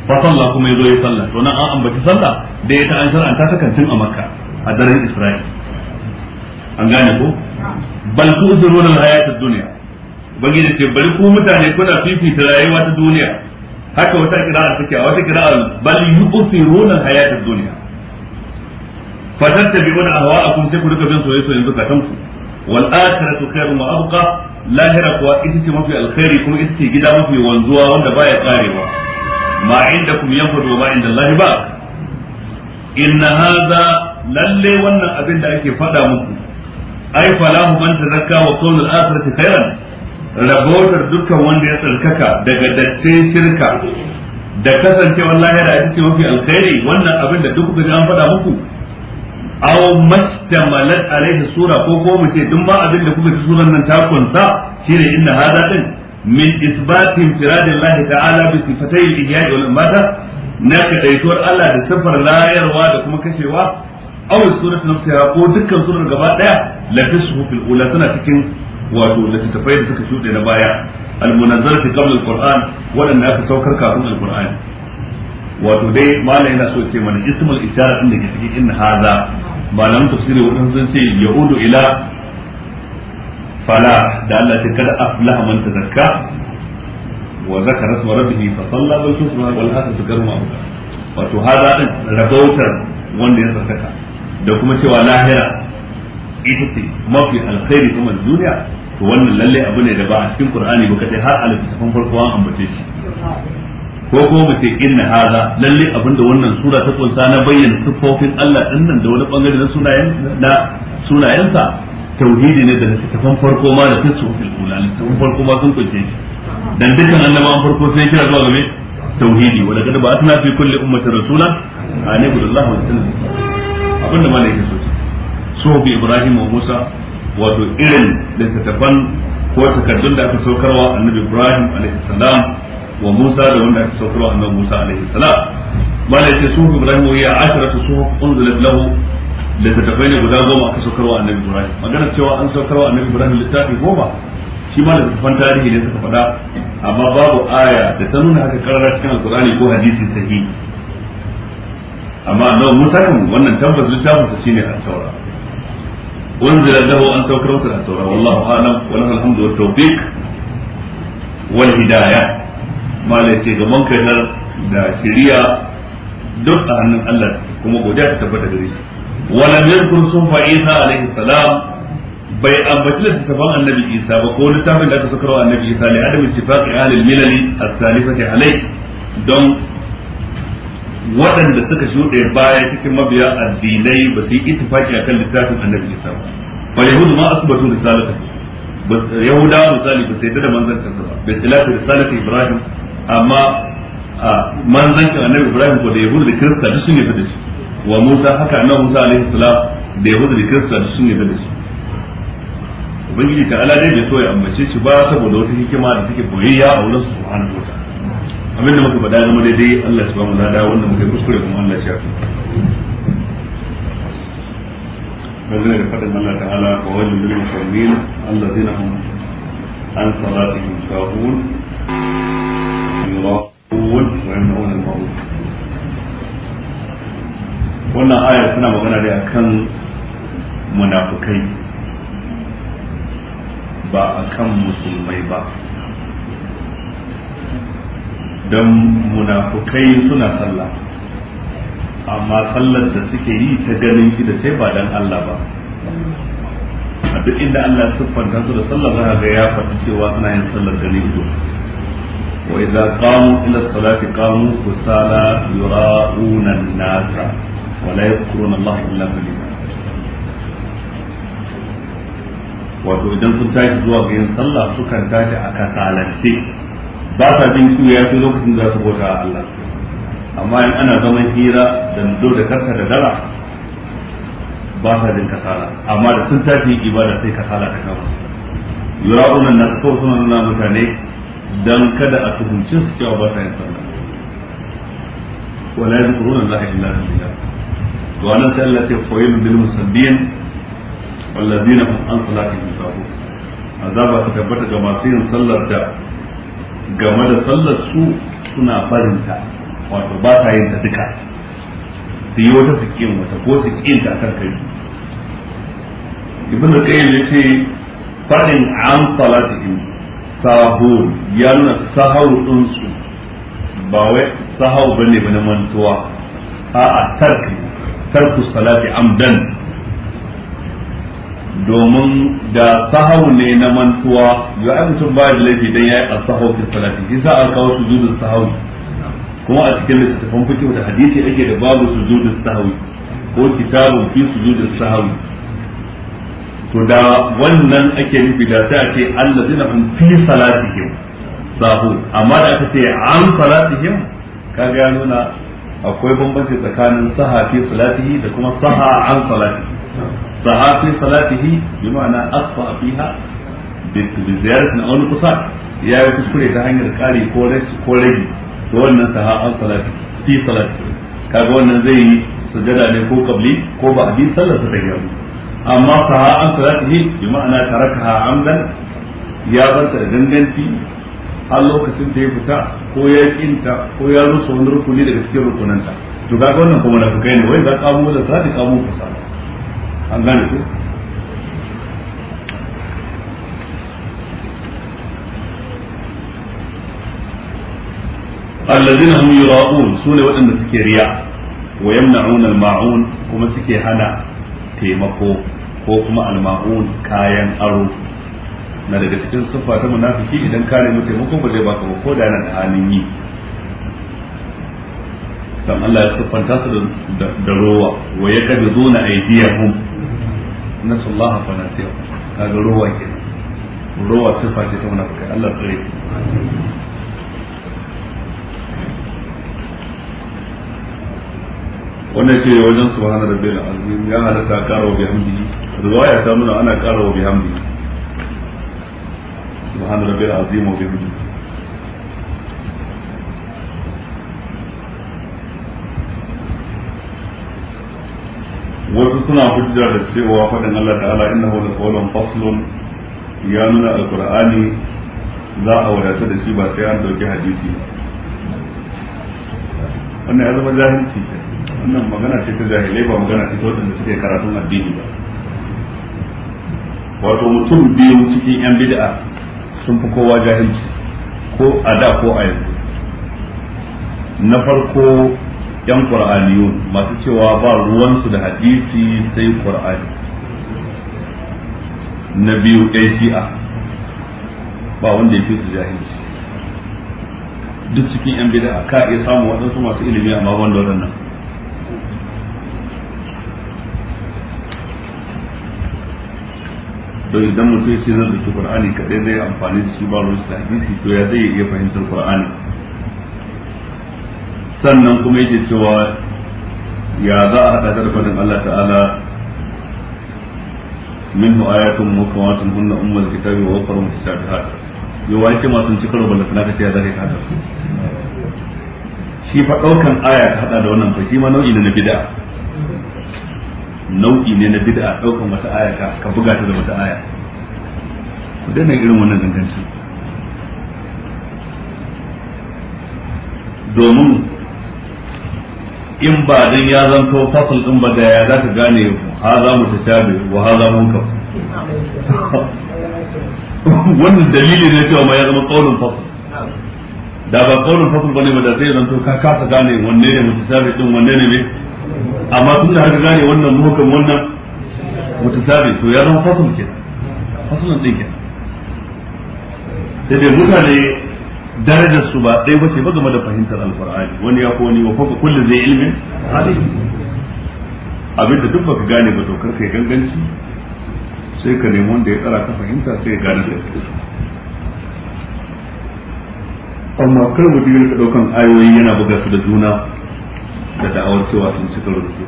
fa sallah kuma yazo ya sallah to nan an ambaci sallah da ya ta an shar'anta ta kantin a makka a daren isra'il an gane ko bal tu'thiruna al-hayat ad-dunya da ce bari ku mutane kuna fifita rayuwa ta duniya haka wata kira'a take a wata kira'a bal yu'thiruna al-hayat ad-dunya fatattabi'una ahwa'akum sai ku duka bin soyayya soyayya zukatan ku wal akhiratu khairun wa abqa lahira kuwa ita ce mafi alkhairi kuma ita ce gida mafi wanzuwa wanda baya karewa ma indakum yanfadu wa inda Allah ba inna hadha lalle wannan abin da ake faɗa muku ai falahu man tazakka wa qawlul akhirati khairan rabotar dukkan wanda ya tsarkaka daga dattin shirka da kasancewar lahira ita ce alkhairi wannan abin da duk kuka ji an faɗa muku aw mastamalat alaihi sura ko ko mu ce duk ma abin da kuka ji suran nan ta kunsa shine inna haza din min isbatin firadillahi ta'ala bi sifatay al-ihya wal imata na kadaituwar Allah da sifar layarwa da kuma kashewa aw surat nafsiha ko dukkan surar gaba daya la tashu fil cikin wato littattafai da suka shuɗe na baya almunazzarati qabla alquran waɗanda aka saukar kafin alquran wato dai malam yana so ce mana ismul isharat din da ke cikin ina haza malamin tafsiri wadansu sun ce yaudu ila fala da Allah ta kada aflaha man tazakka wa zakara isma rabbih fa salla bal tusra wal hasu karma abuka wato hada din rabautar wanda ya tsaka da kuma cewa lahira ita ce mafi alkhairi kuma duniya to wannan lalle abu ne da ba a cikin Kur'ani ba kadai har a littafin farko an ambace shi ko kuma mu inna haza lalle abinda wannan sura ta kunsa na bayyana siffofin Allah din da wani bangare na sunayen na sunayensa tauhidi ne da littattafan farko ma da tasu fil ula littattafan farko ma sun kunce shi dan dukkan annabawan farko sai kira zuwa game tauhidi wa laqad ba'athna fi kulli ummatin rasula an ibudu Allah wa sunna abinda ma ne yake so so bi Ibrahim wa Musa wato irin littattafan ko takardun da aka saukarwa annabi Ibrahim alaihi salam wa Musa da wanda aka saukarwa annabi Musa alaihi salam malaka suhuf Ibrahim ya asharatu suhuf unzilat lahu littattafai ne guda goma aka saukarwa annabi ibrahim magana cewa an saukarwa annabi ibrahim littafi goma shi ma da tafan tarihi ne suka faɗa amma babu aya da ta nuna haka karara cikin alkurani ko hadisi sahihi amma annabi musa kan wannan tabbas littafin sa shine at-taura unzila lahu an saukar masa taura wallahu a'lam wa lahu alhamdu wat tawfiq wal hidayah malai ce ga mankanar da shari'a duk a hannun Allah kuma godiya ta tabbata gare shi ولم يذكر صحف عيسى عليه السلام bai ambaci littattafan annabi isa ba ko littafin da aka sakarwa annabi isa ne adam ittifaqi ahlil milali salifati alai don waɗanda suka shuɗe baya cikin mabiya addinai ba su yi a kan littafin annabi isa ba fa yahudu ma asbatu risalata yahudawa misali ba sai da manzon kansa ba bi tilati risalati ibrahim amma manzon annabi ibrahim ko da yahudu da kirista duk sun yi da shi wa Musa haka annabi Musa alaihi salam da Yahudu da Kirista da sun yarda da shi ubangiji ta ala dai bai so ya ambace shi ba saboda wata hikima da take boyayya a wurin subhanahu wa ta'ala abin da muka faɗa zama daidai Allah shi ba mu lada wanda muka kuskure kuma Allah shi ya fi dangane da faɗin Allah ta'ala wa wajen lil musallin allazina hum an salatihim sahun yuraqun wa yamna'una al-ma'ruf wannan ayar suna magana da akan munafukai ba akan musulmai ba don munafukai suna sallah amma sallar da suke yi ta ganin shi da sai ba don Allah ba a duk inda Allah siffanta su da sallar za ga ya faɗi cewa suna yin sallar ganin ido wa idza qamu ila salati qamu kusala yura'una an-nasa ولا يذكرون الله الا قليلا wato idan sun tashi zuwa ga yin sallah sukan tashi a kasalance ba sa jin kiwo ya fi lokacin za su bauta a Allah amma in ana zaman hira da do da karka da dara ba sa jin kasala amma da sun tashi ibada sai kasala ta kama yura'una na kawai suna nuna mutane dan kada a tuhuncin su cewa ba sa yin sallah wala yadkuruna Allah illa billah to anan sai Allah ce fa'ilun lil musallin wallazina hum an salatihim sahun azaba ga masu yin sallar da game da sallar su suna barinta wato ba sa yin ta duka su yi wata su wata ko su ta akan kai ibn qayyim yace fadin an salatihim sahun ya nuna sahau din su ba wai sahau bane bane mantuwa a'a tarki tarku salati amdan domin da sahau ne na mantuwa ya yi mutum ba da laifi dan yayi a sahau fi salati shi sa aka kawo sujudus sahau kuma a cikin littattafan fiqh da hadisi ake da babu sujudus sahau ko kitabun fi sujudus sahau to da wannan ake nufi da sai a ce zina kun fi salatihim sahu amma da aka ce an salatihim kaga ya nuna akwai bambanci tsakanin saha fi salatihi da kuma saha an salatihi saha fi salatihi bi ma'ana asfa fiha bi ziyaratin aw nuqsan ya yi kuskure ta hanyar kare ko rashi ko rage to wannan saha an salatihi fi salatihi kaga wannan zai yi sujada ne ko kabli ko ba bi sallar ta rage amma saha an salatihi bi ma'ana tarakaha amdan ya bar ta ganganci har lokacin da ya fita ko ya kinta ko ya rusa wani rukuni daga cikin rukunanta to ga wannan kuma na fukai ne wai za ka mu da sadi da ka mu fasa an gane ku الذين هم يراؤون سنة وأن سكيريا ويمنعون الماعون kuma suke hana taimako ko kuma alma'un kayan aro na daga cikin siffa ta munafiki idan ka nemi taimakon ba zai baka ba ko da yana da halin yi dan Allah ya siffanta su da rowa wa ya kada zuna aidiyahum nasallaha fa nasiyahu kaga rowa ke rowa siffa ce ta munafiki Allah tsare wannan ce wajen subhana rabbil azim ya halaka karo bi hamdi riwaya ta nuna ana karo bi hamdi سبحان ربي العظيم وبحمده wasu suna hujja da cewa faɗin Allah ta'ala innahu laqawlun faslun ya nuna alqur'ani za a wadata da shi ba sai an dauki hadisi wannan ya zama jahilci wannan magana ce ta jahilai ba magana ce ta waɗanda suke karatun addini ba wato mutum biyu cikin yan bid'a sun fi kowa jahilci ko a da ko a yanzu na farko yan qur'aniyun masu cewa ba ruwansu da hadisi sai qur'ani na biyu ɗaya a, ba wanda ya fi su jahilci duk cikin yan bida ka iya samu waɗansu masu ilimi amma wanda da waɗannan don idan mutum ce zan ɗauki qur'ani kaɗai zai amfani da shi ba ruwan da hadisi to ya zai iya fahimtar qur'ani sannan kuma yake cewa ya za a haɗa da fadin Allah ta'ala minhu ayatun mukawatun hunna ummul kitabi wa qur'an mutashabihat yo wai ke sun ci karo ballan kana ta ya zai haɗa su shi fa daukan aya ta haɗa da wannan fa shi ma nau'i ne na bid'a nau'i ne na bid'a daukan wata aya ka ka buga ta da wata aya ku daina irin wannan ganganci domin in ba dan ya zanto fasal din ba da ya za ka gane ha za mu ta shabe wa ha za mu ka wannan dalili ne cewa ma ya zama kaulin fasal da ba kaulin fasal bane ba da zai zanto ka kasa gane wanne ne mutasabi din wanne ne ne amma tun da haka gane wannan muhkam wannan mutasabi to ya zama fasul ke fasulun din ke sai dai mutane darajar su ba dai bace ba game da fahimtar alqur'ani wani ya ko ni wa fa kullu zai ilmin Abin abinda duk baka gane ba to karka ganganci sai ka nemi wanda ya tsara ka fahimta sai ya gane da amma kar mu ya ɗaukan ayoyi yana buga su da juna da da'awar cewa sun cika rubutu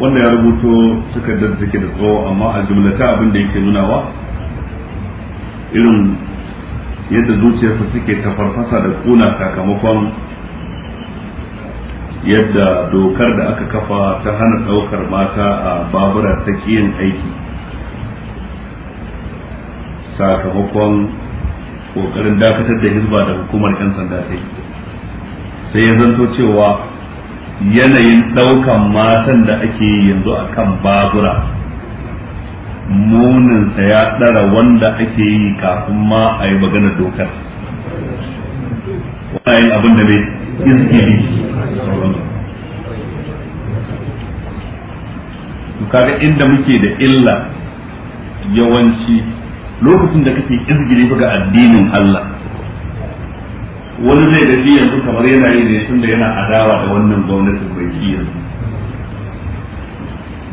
wanda ya rubuto suka da suke da tsawo amma a jumlata abin da yake nunawa irin yadda zuciyarsa suke farfasa da kuna sakamakon yadda dokar da aka kafa ta hana ɗaukar mata a babura ta yin aiki sakamakon ƙoƙarin dakatar da hizba da hukumar 'yan sanda ta yi sai ya zanto cewa yanayin ɗaukan matan da ake yi yanzu a kan babura muninsa ya ɗara wanda ake yi kafin ma a yi magana dokar wani abin da bai izgili kaga inda muke da illa yawanci lokacin da kake izgili ga addinin Allah wani zai gaji yanzu kamar yana yi ne da yana adawa da wannan gwamnatin bai yanzu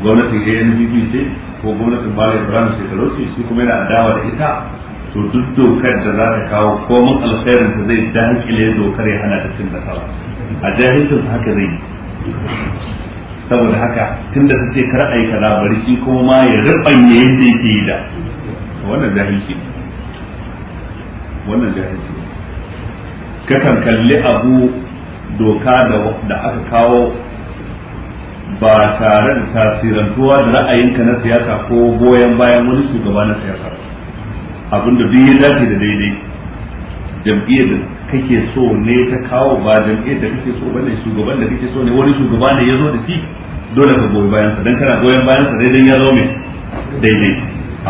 gwamnatin ANPP ce ko gwamnatin Bala Ibrahim shekaru ce shi kuma yana adawa da ita to duk dokar da za ta kawo komin alkhairin ta zai dakile dokar ya hana ta cin nasara a jahilcin haka zai saboda haka da ta ce kar a yi kaza bari shi kuma ma ya rubanye yadda yake yi da wannan jahilci wannan jahilci kakan kalli abu doka da aka kawo ba tare da tasirantuwa da ra'ayinka na siyasa ko goyon bayan wani shugaba na siyasa abinda duk ya dace da daidai jam'iyyar da kake so ne ta kawo ba jam'iyyar da kake so bane shugaban da kake so ne wani shugaba ne ya zo da shi dole ka goyi bayan sa dan kana goyon bayan sa daidai ya zo mai daidai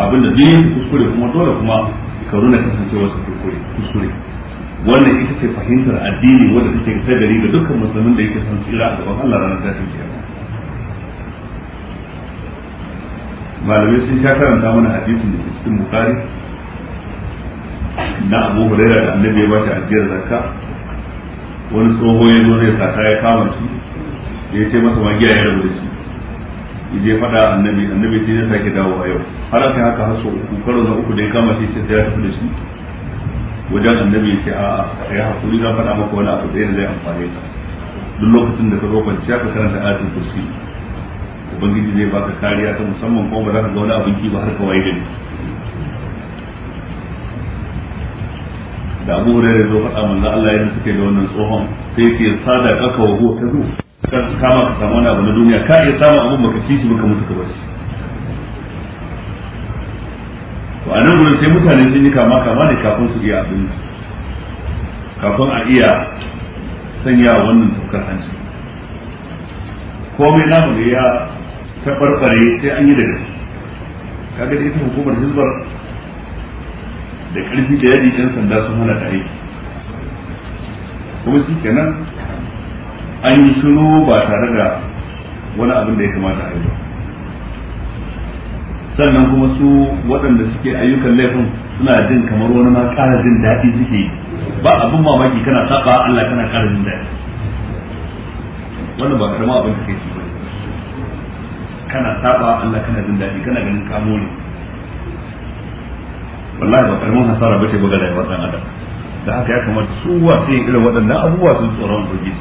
abinda duk kuskure kuma dole kuma ka nuna kasancewa su kuskure wannan ita ce fahimtar addini wanda take ta gari ga dukkan musulmin da yake son tsira a gaban Allah ranar tashin kiyama malamai sun sha karanta mana hadisin da cikin bukari na abu hurairah da annabi ya bashi ajiyar zakka wani tsoho ya zo zai sata ya kama shi ya ce masa magiya ya rabu da shi je faɗa annabi annabi ce ya sake dawo a yau har aka haka haso uku karo na uku da ya kama shi sai ya tafi da shi wajen annabi ya ce a a ya hakuri zan faɗa maka wani abu ɗaya da zai amfane ka duk lokacin da ka zo kwanciya ka karanta ayatul kursi ubangiji zai baka kariya ta musamman ko ba za ka ga wani abinci ba har ka waye gari da abu da zo faɗa manzo Allah yadda suke da wannan tsohon sai ce sada ka wa huwa tazu kan kama ka samu wani abu na duniya ka iya samu abun baka ci shi baka mutu ka bar shi to a nan gurin sai mutane sun yi kama kama ne kafin su iya abin kafin a iya sanya wannan tukar hanci komai namu da ya tabarbare sai an yi daga kaga da ita hukumar hizbar da karfi da yadi yan sanda sun hana da aiki kuma shi kenan an yi shiru ba tare da wani abin da ya kamata a yi ba sannan kuma su waɗanda suke ayyukan laifin suna jin kamar wani ma ƙara jin daɗi suke ba abin mamaki kana saba Allah kana ƙara jin daɗi wannan ba karama abin da kai ci kana saba Allah kana jin daɗi kana ganin kamo ne wallahi ba karamin hasara ba ce ba ga rayuwar dan adam da haka ya kamata su wasu irin waɗannan abubuwa sun tsoron ubangiji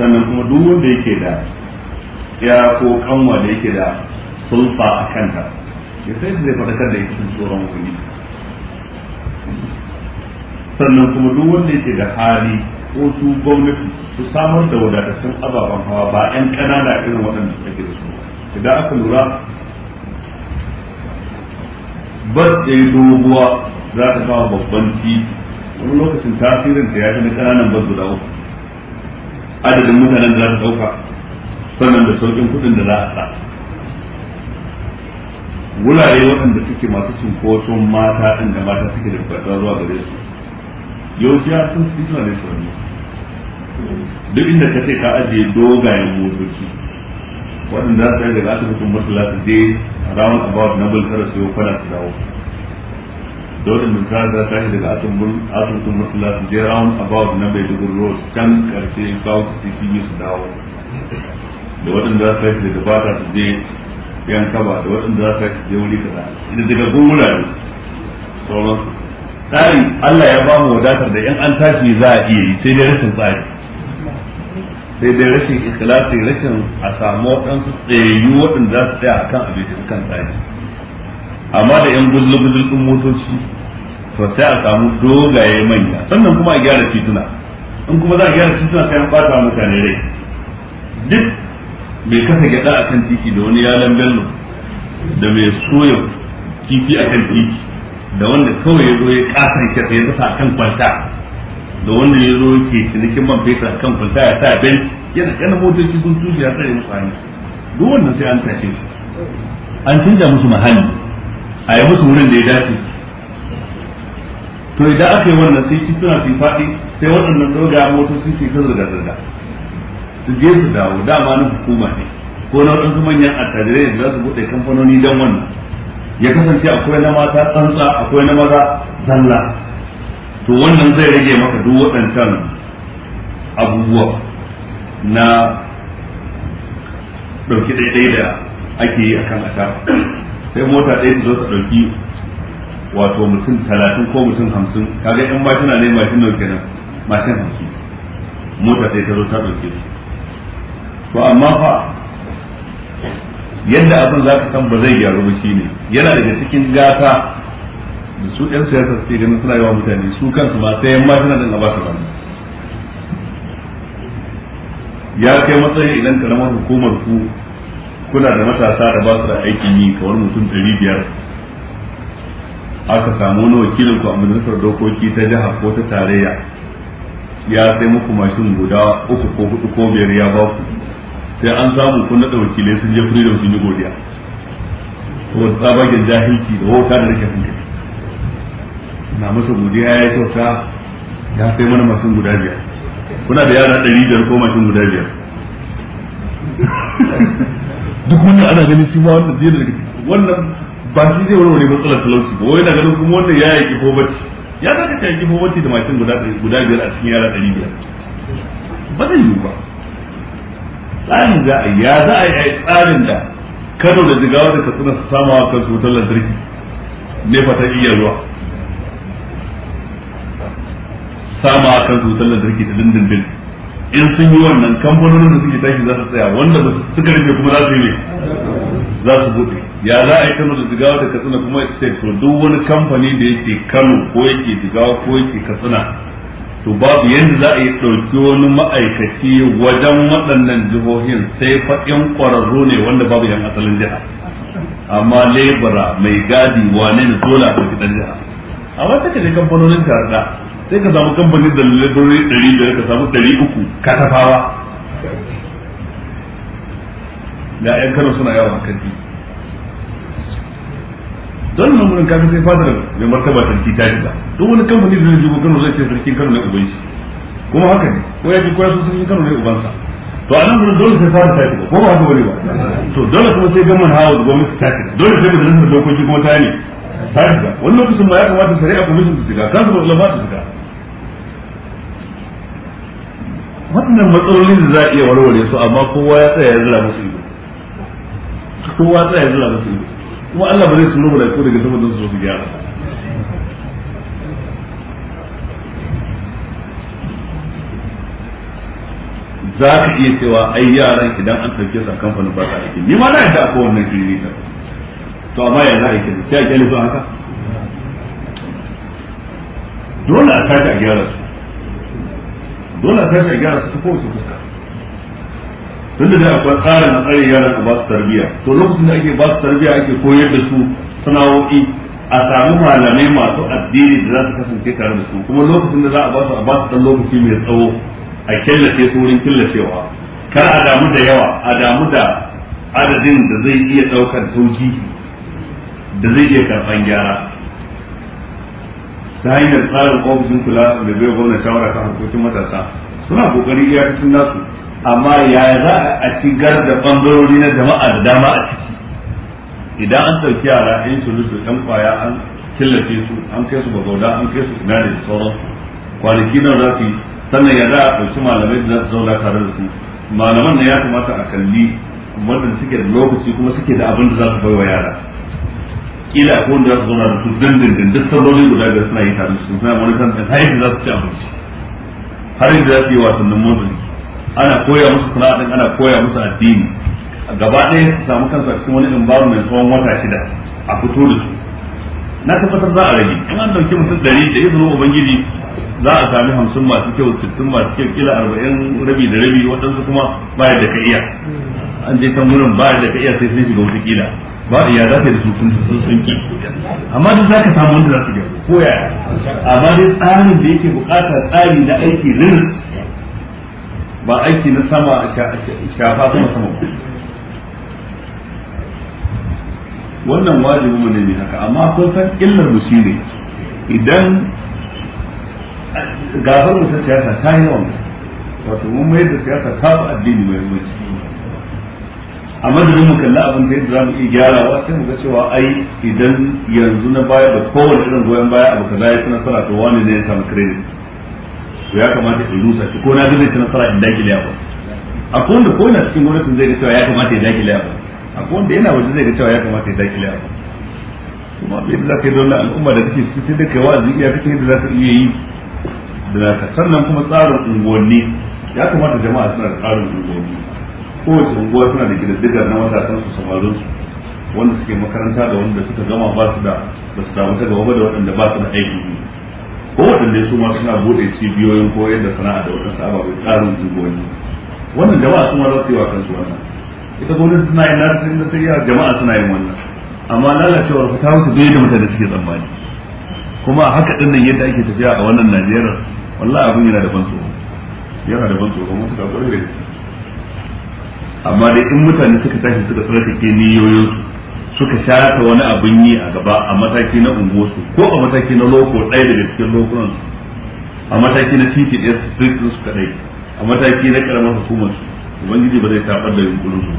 sannan kuma duk wanda yake da ya ko kanwa da yake da sulfa a kanta ya sai zai faɗakar da yake tsoron wani, sannan kuma duk wanda yake da hali ko su gwamnati su samar da wadatattun ababen hawa ba 'yan ƙanana irin waɗanda suke da su idan aka lura bas ɗaya doguwa za ta kawo babban titi wani lokacin tasirin ta ya fi na ƙananan bar guda uku adadin mutanen da za ta ɗauka sannan da saukin kudin da za a sa wurare waɗanda suke masu cunkoson mata ɗin da mata suke da bukata zuwa gare su yau ya sun fi suna da sauri duk inda ka ce ka ajiye dogayen motoci waɗanda za su yi daga asibitin masallaci je round about na bulkar su yi kwana su dawo dole mun ta za ta yi daga asibitin asibitin masallaci je round about na bai dubu road can karshe south city ciki su dawo da waɗanda za su da ba ta su je yan kaba da waɗanda za su je wuri kaza da daga gumurare sauran tsari Allah ya ba mu wadatar da yan an tashi za a iya yi sai dai rashin tsari sai dai rashin ikhlasi rashin a samu waɗansu tsayayyu waɗanda za su tsaya akan abin da kan tsari amma da yan gullu-gullu ɗin motoci to sai a samu dogaye manya sannan kuma a gyara tituna in kuma za a gyara tituna sai an ɓata mutane rai duk mai kasa gyada a kan titi da wani yalan bello da mai soya kifi a kan titi da wanda kawai ya zo ya kasan kyasa ya dasa a kan kwanta da wanda ya zo ke cinikin man fesa a kan kwanta ya sa benci yana Kana motoci sun tuji ya tsare musu hannu duk wannan sai an tashi an canja musu mahalli a yi musu wurin da ya dace to idan aka yi wannan sai suna su faɗi sai waɗannan doga motoci ke ta zirga-zirga su je su dawo dama na hukuma ne ko na wasu manyan attajirai da za su bude kamfanoni don wannan ya kasance akwai na mata tsantsa akwai na maza zalla to wannan zai rage maka duk waɗancan abubuwa na ɗauki ɗaiɗai da ake yi a kan asha sai mota ɗaya su zo ta ɗauki wato mutum talatin ko mutum hamsin kaga yan mashina ne mashin nau kenan mashin hamsin mota ɗaya ta zo ta ɗauke su to amma fa yadda abin za ka san ba zai gyaru ba shi ne yana daga cikin gata da su yan siyasa suke ganin suna yawan mutane su kansu ma sai yamma suna da ba su ba ya kai matsayi idan karamar hukumar ku kuna da matasa da ba su da aikin yi kamar mutum ɗari biyar aka samu wani wakilin ku a majalisar dokoki ta jiha ko ta tarayya ya sai muku mashin guda uku ko hudu ko biyar ya ba ku sai an samu kun nada wakilai sun je freedom sun yi godiya saboda tsabagen jahilci da wauta da rike hankali na masa godiya ya yi kyauta ya sai mana mashin guda biyar kuna da yara ɗari biyar ko mashin guda biyar duk wannan ana ganin shi ma wannan zai daga wannan ba shi zai wani wani matsalar talauci ba wai na ganin kuma wannan ya yi kifo bacci ya zaka ta yi kifo bacci da mashin guda biyar a cikin yara ɗari biyar ba zai yi ba Tsarin za a yi ya za a yi tsarin da kano da jigawa da katsina su samawa su wutar lantarki ne fata iya zuwa samu sama su wutar lantarki ta dindindin in sun yi wannan kamfanonin da suke tashi za su tsaya wanda ba ka rike kuma za su yi za su buɗe ya za a yi kano da jigawa da katsina kuma ya ce to duk wani kamfani da yake kano ko yake jigawa ko yake katsina to babu yadda za a yi ɗauki wani ma'aikaci wajen waɗannan jihohin sai faɗin ƙwararru ne wanda babu yan asalin jiha amma lebura mai gadi wane ne dole a ɗauki ɗan jiha amma sai ka kamfanonin karɗa sai ka samu kamfanin da lebura ɗari biyar ka samu ɗari uku tafawa da ƴan kano suna yawon kan don nan gurin kafin sai fadar mai martaba sarki ta shiga duk wani kamfani da zai Kano zai ce sarkin Kano ne ubansa kuma haka ne ko ya ji ko ya so sarkin Kano ne ubansa to a nan dole sai fadar ta shiga ko ba haka bane ba to dole kuma sai gaman hawa da gwamnati ta shiga dole sai da dokoki kuma ta ne ta shiga wani lokacin ma ya kamata shari'a commission ta shiga kansu ba ulama ta shiga wannan matsalolin da za a iya warware su amma kowa ya tsaya ya zira musu ido kowa ya tsaya ya zira musu ido kuma Allah ba zai turo ko daga zama don su zuwa su gyara za ka iya cewa ai yaran idan an ɗauke su a kamfanin ba ta aiki ni ma na yadda akwai wannan shiri ne to amma ya za a yi sai a kyale su haka dole a tashi a gyara su dole a tashi a gyara su ta kowace kusa. tun da akwai tsarin a tsare yaran a ba su tarbiyya to lokacin da ake ba su tarbiyya ake koyar da su sana'o'i a samu malamai masu addini da za su kasance tare da su kuma lokacin da za a ba su a ba su dan lokaci mai tsawo a killace su wurin killacewa kar a damu da yawa a damu da adadin da zai iya daukar sauki da zai iya karban gyara ta hanyar tsarin ofishin kula da bai gwamna shawara kan harkokin matasa suna kokari iya cikin nasu amma yaya za a shigar da bangarori na jama'a da dama a ciki idan an ɗauki yara su lusu ɗan kwaya an killace su an kai su bagauda an kai su sinari da sauran kwanaki nan za su yi sannan ya za a ɗauki malamai da za su zauna tare da su malaman na ya kamata a kalli wanda suke da lokaci kuma suke da abin da za su bai wa yara kila ko wanda za su zauna da su dindindin duk salloli guda biyar suna yi tare da su suna wani kan har yadda za su ci abinci har yadda za su yi wasannin motsa jiki. ana koya musu sana'a din ana koya musu addini gaba ɗaya su samu kansu a cikin wani mai tsawon wata shida a fito da su na tabbatar za a rage in an ɗauki mutum ɗari da izinin ubangiji za a sami hamsin masu kyau sittin masu kyau kila arba'in rabi da rabi waɗansu kuma baya da ka iya an je kan wurin baya da ka iya sai sun shiga wata kila ba iya za ka yi da su sun sun sun ki amma duk za ka samu wanda za su gyara ko ya amma dai tsarin da yake bukatar tsari na aiki rin ba aiki na sama a shafa sama sama ba wannan wajibi mu ne ne haka amma kun san illar mu shine idan gafar mu ta siyasa ta yi yawan wato mun mai da siyasa ta fi addini mai yawanci a madadin mu kalla abin da yadda za mu iya gyarawa sai mu ga cewa ai idan yanzu na baya da kowane irin goyon baya abu kaza ya fi nasara to wani ne ya samu credit to ya kamata in rusa shi ko na ga zai ci nasara in dakile a akwai wanda ko na cikin gwamnati zai ga cewa ya kamata ya dakile a akwai wanda yana waje zai ga cewa ya kamata ya dakile abu kuma bai da za ka yi dole al'umma da kake su sai da kai wa'azi iya kake yadda za ka iya yi da za ka sannan kuma tsarin unguwanni ya kamata jama'a suna da tsarin unguwanni kowace unguwa suna da gidajen na matasan su samarin su wanda suke makaranta da wanda suka gama ba su da ba su damu ta gaba da waɗanda ba su da aiki kowaɗanne su ma suna bude cibiyoyin koyar da sana'a da wadansu ababen tsarin unguwanni wannan jama'a sun ma cewa kansu wannan ita gwamnati suna yin nasu inda ta jama'a suna yin wannan amma lalacewar ta wuce bai da mutane suke tsammani kuma a haka ɗin nan yadda ake tafiya a wannan najeriya wallahi abin yana da ban tsoro yana da ban tsoro kuma suka kwarai da amma dai in mutane suka tashi suka tsarkake niyoyinsu suka shata wani abin yi a gaba a mataki na unguwarsu ko a mataki na loko ɗaya daga cikin lokunan a mataki na titi ɗaya su street su kaɗai a mataki na ƙaramar hukumar su ubangiji ba zai taɓar da yunkurin su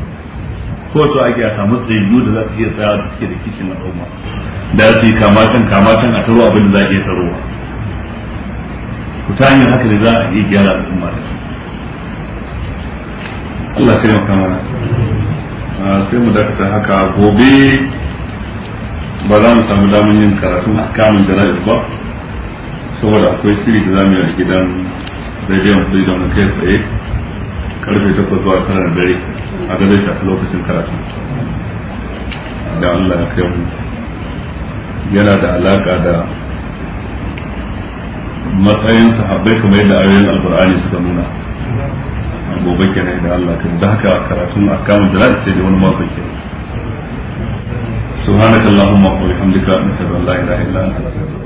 ko to ake a samu tsayayyu da za su iya tsaya da suke da kishin al'umma da su yi kamatan kamatan a taro abin da za a iya tarowa ku ta hanyar haka da za a iya gyara al'umma da su Allah kare makamana Ah, sai mu dakata haka gobe ba za mu samu damar yin karatun kamun jana'iz ba saboda akwai shiri da zamu yi a gidan rediyon da na kai tsaye karfe takwas zuwa tara da dare a gadon shafi lokacin karatu da Allah ya kai mu yana da alaka da matsayin sahabbai kamar yadda ayoyin alkur'ani suka nuna gobe kenan da Allah ka da haka karatun kamun da sai da wani mako kenan subhanakallahumma wa bihamdika nashhadu an la ilaha illa anta astaghfiruka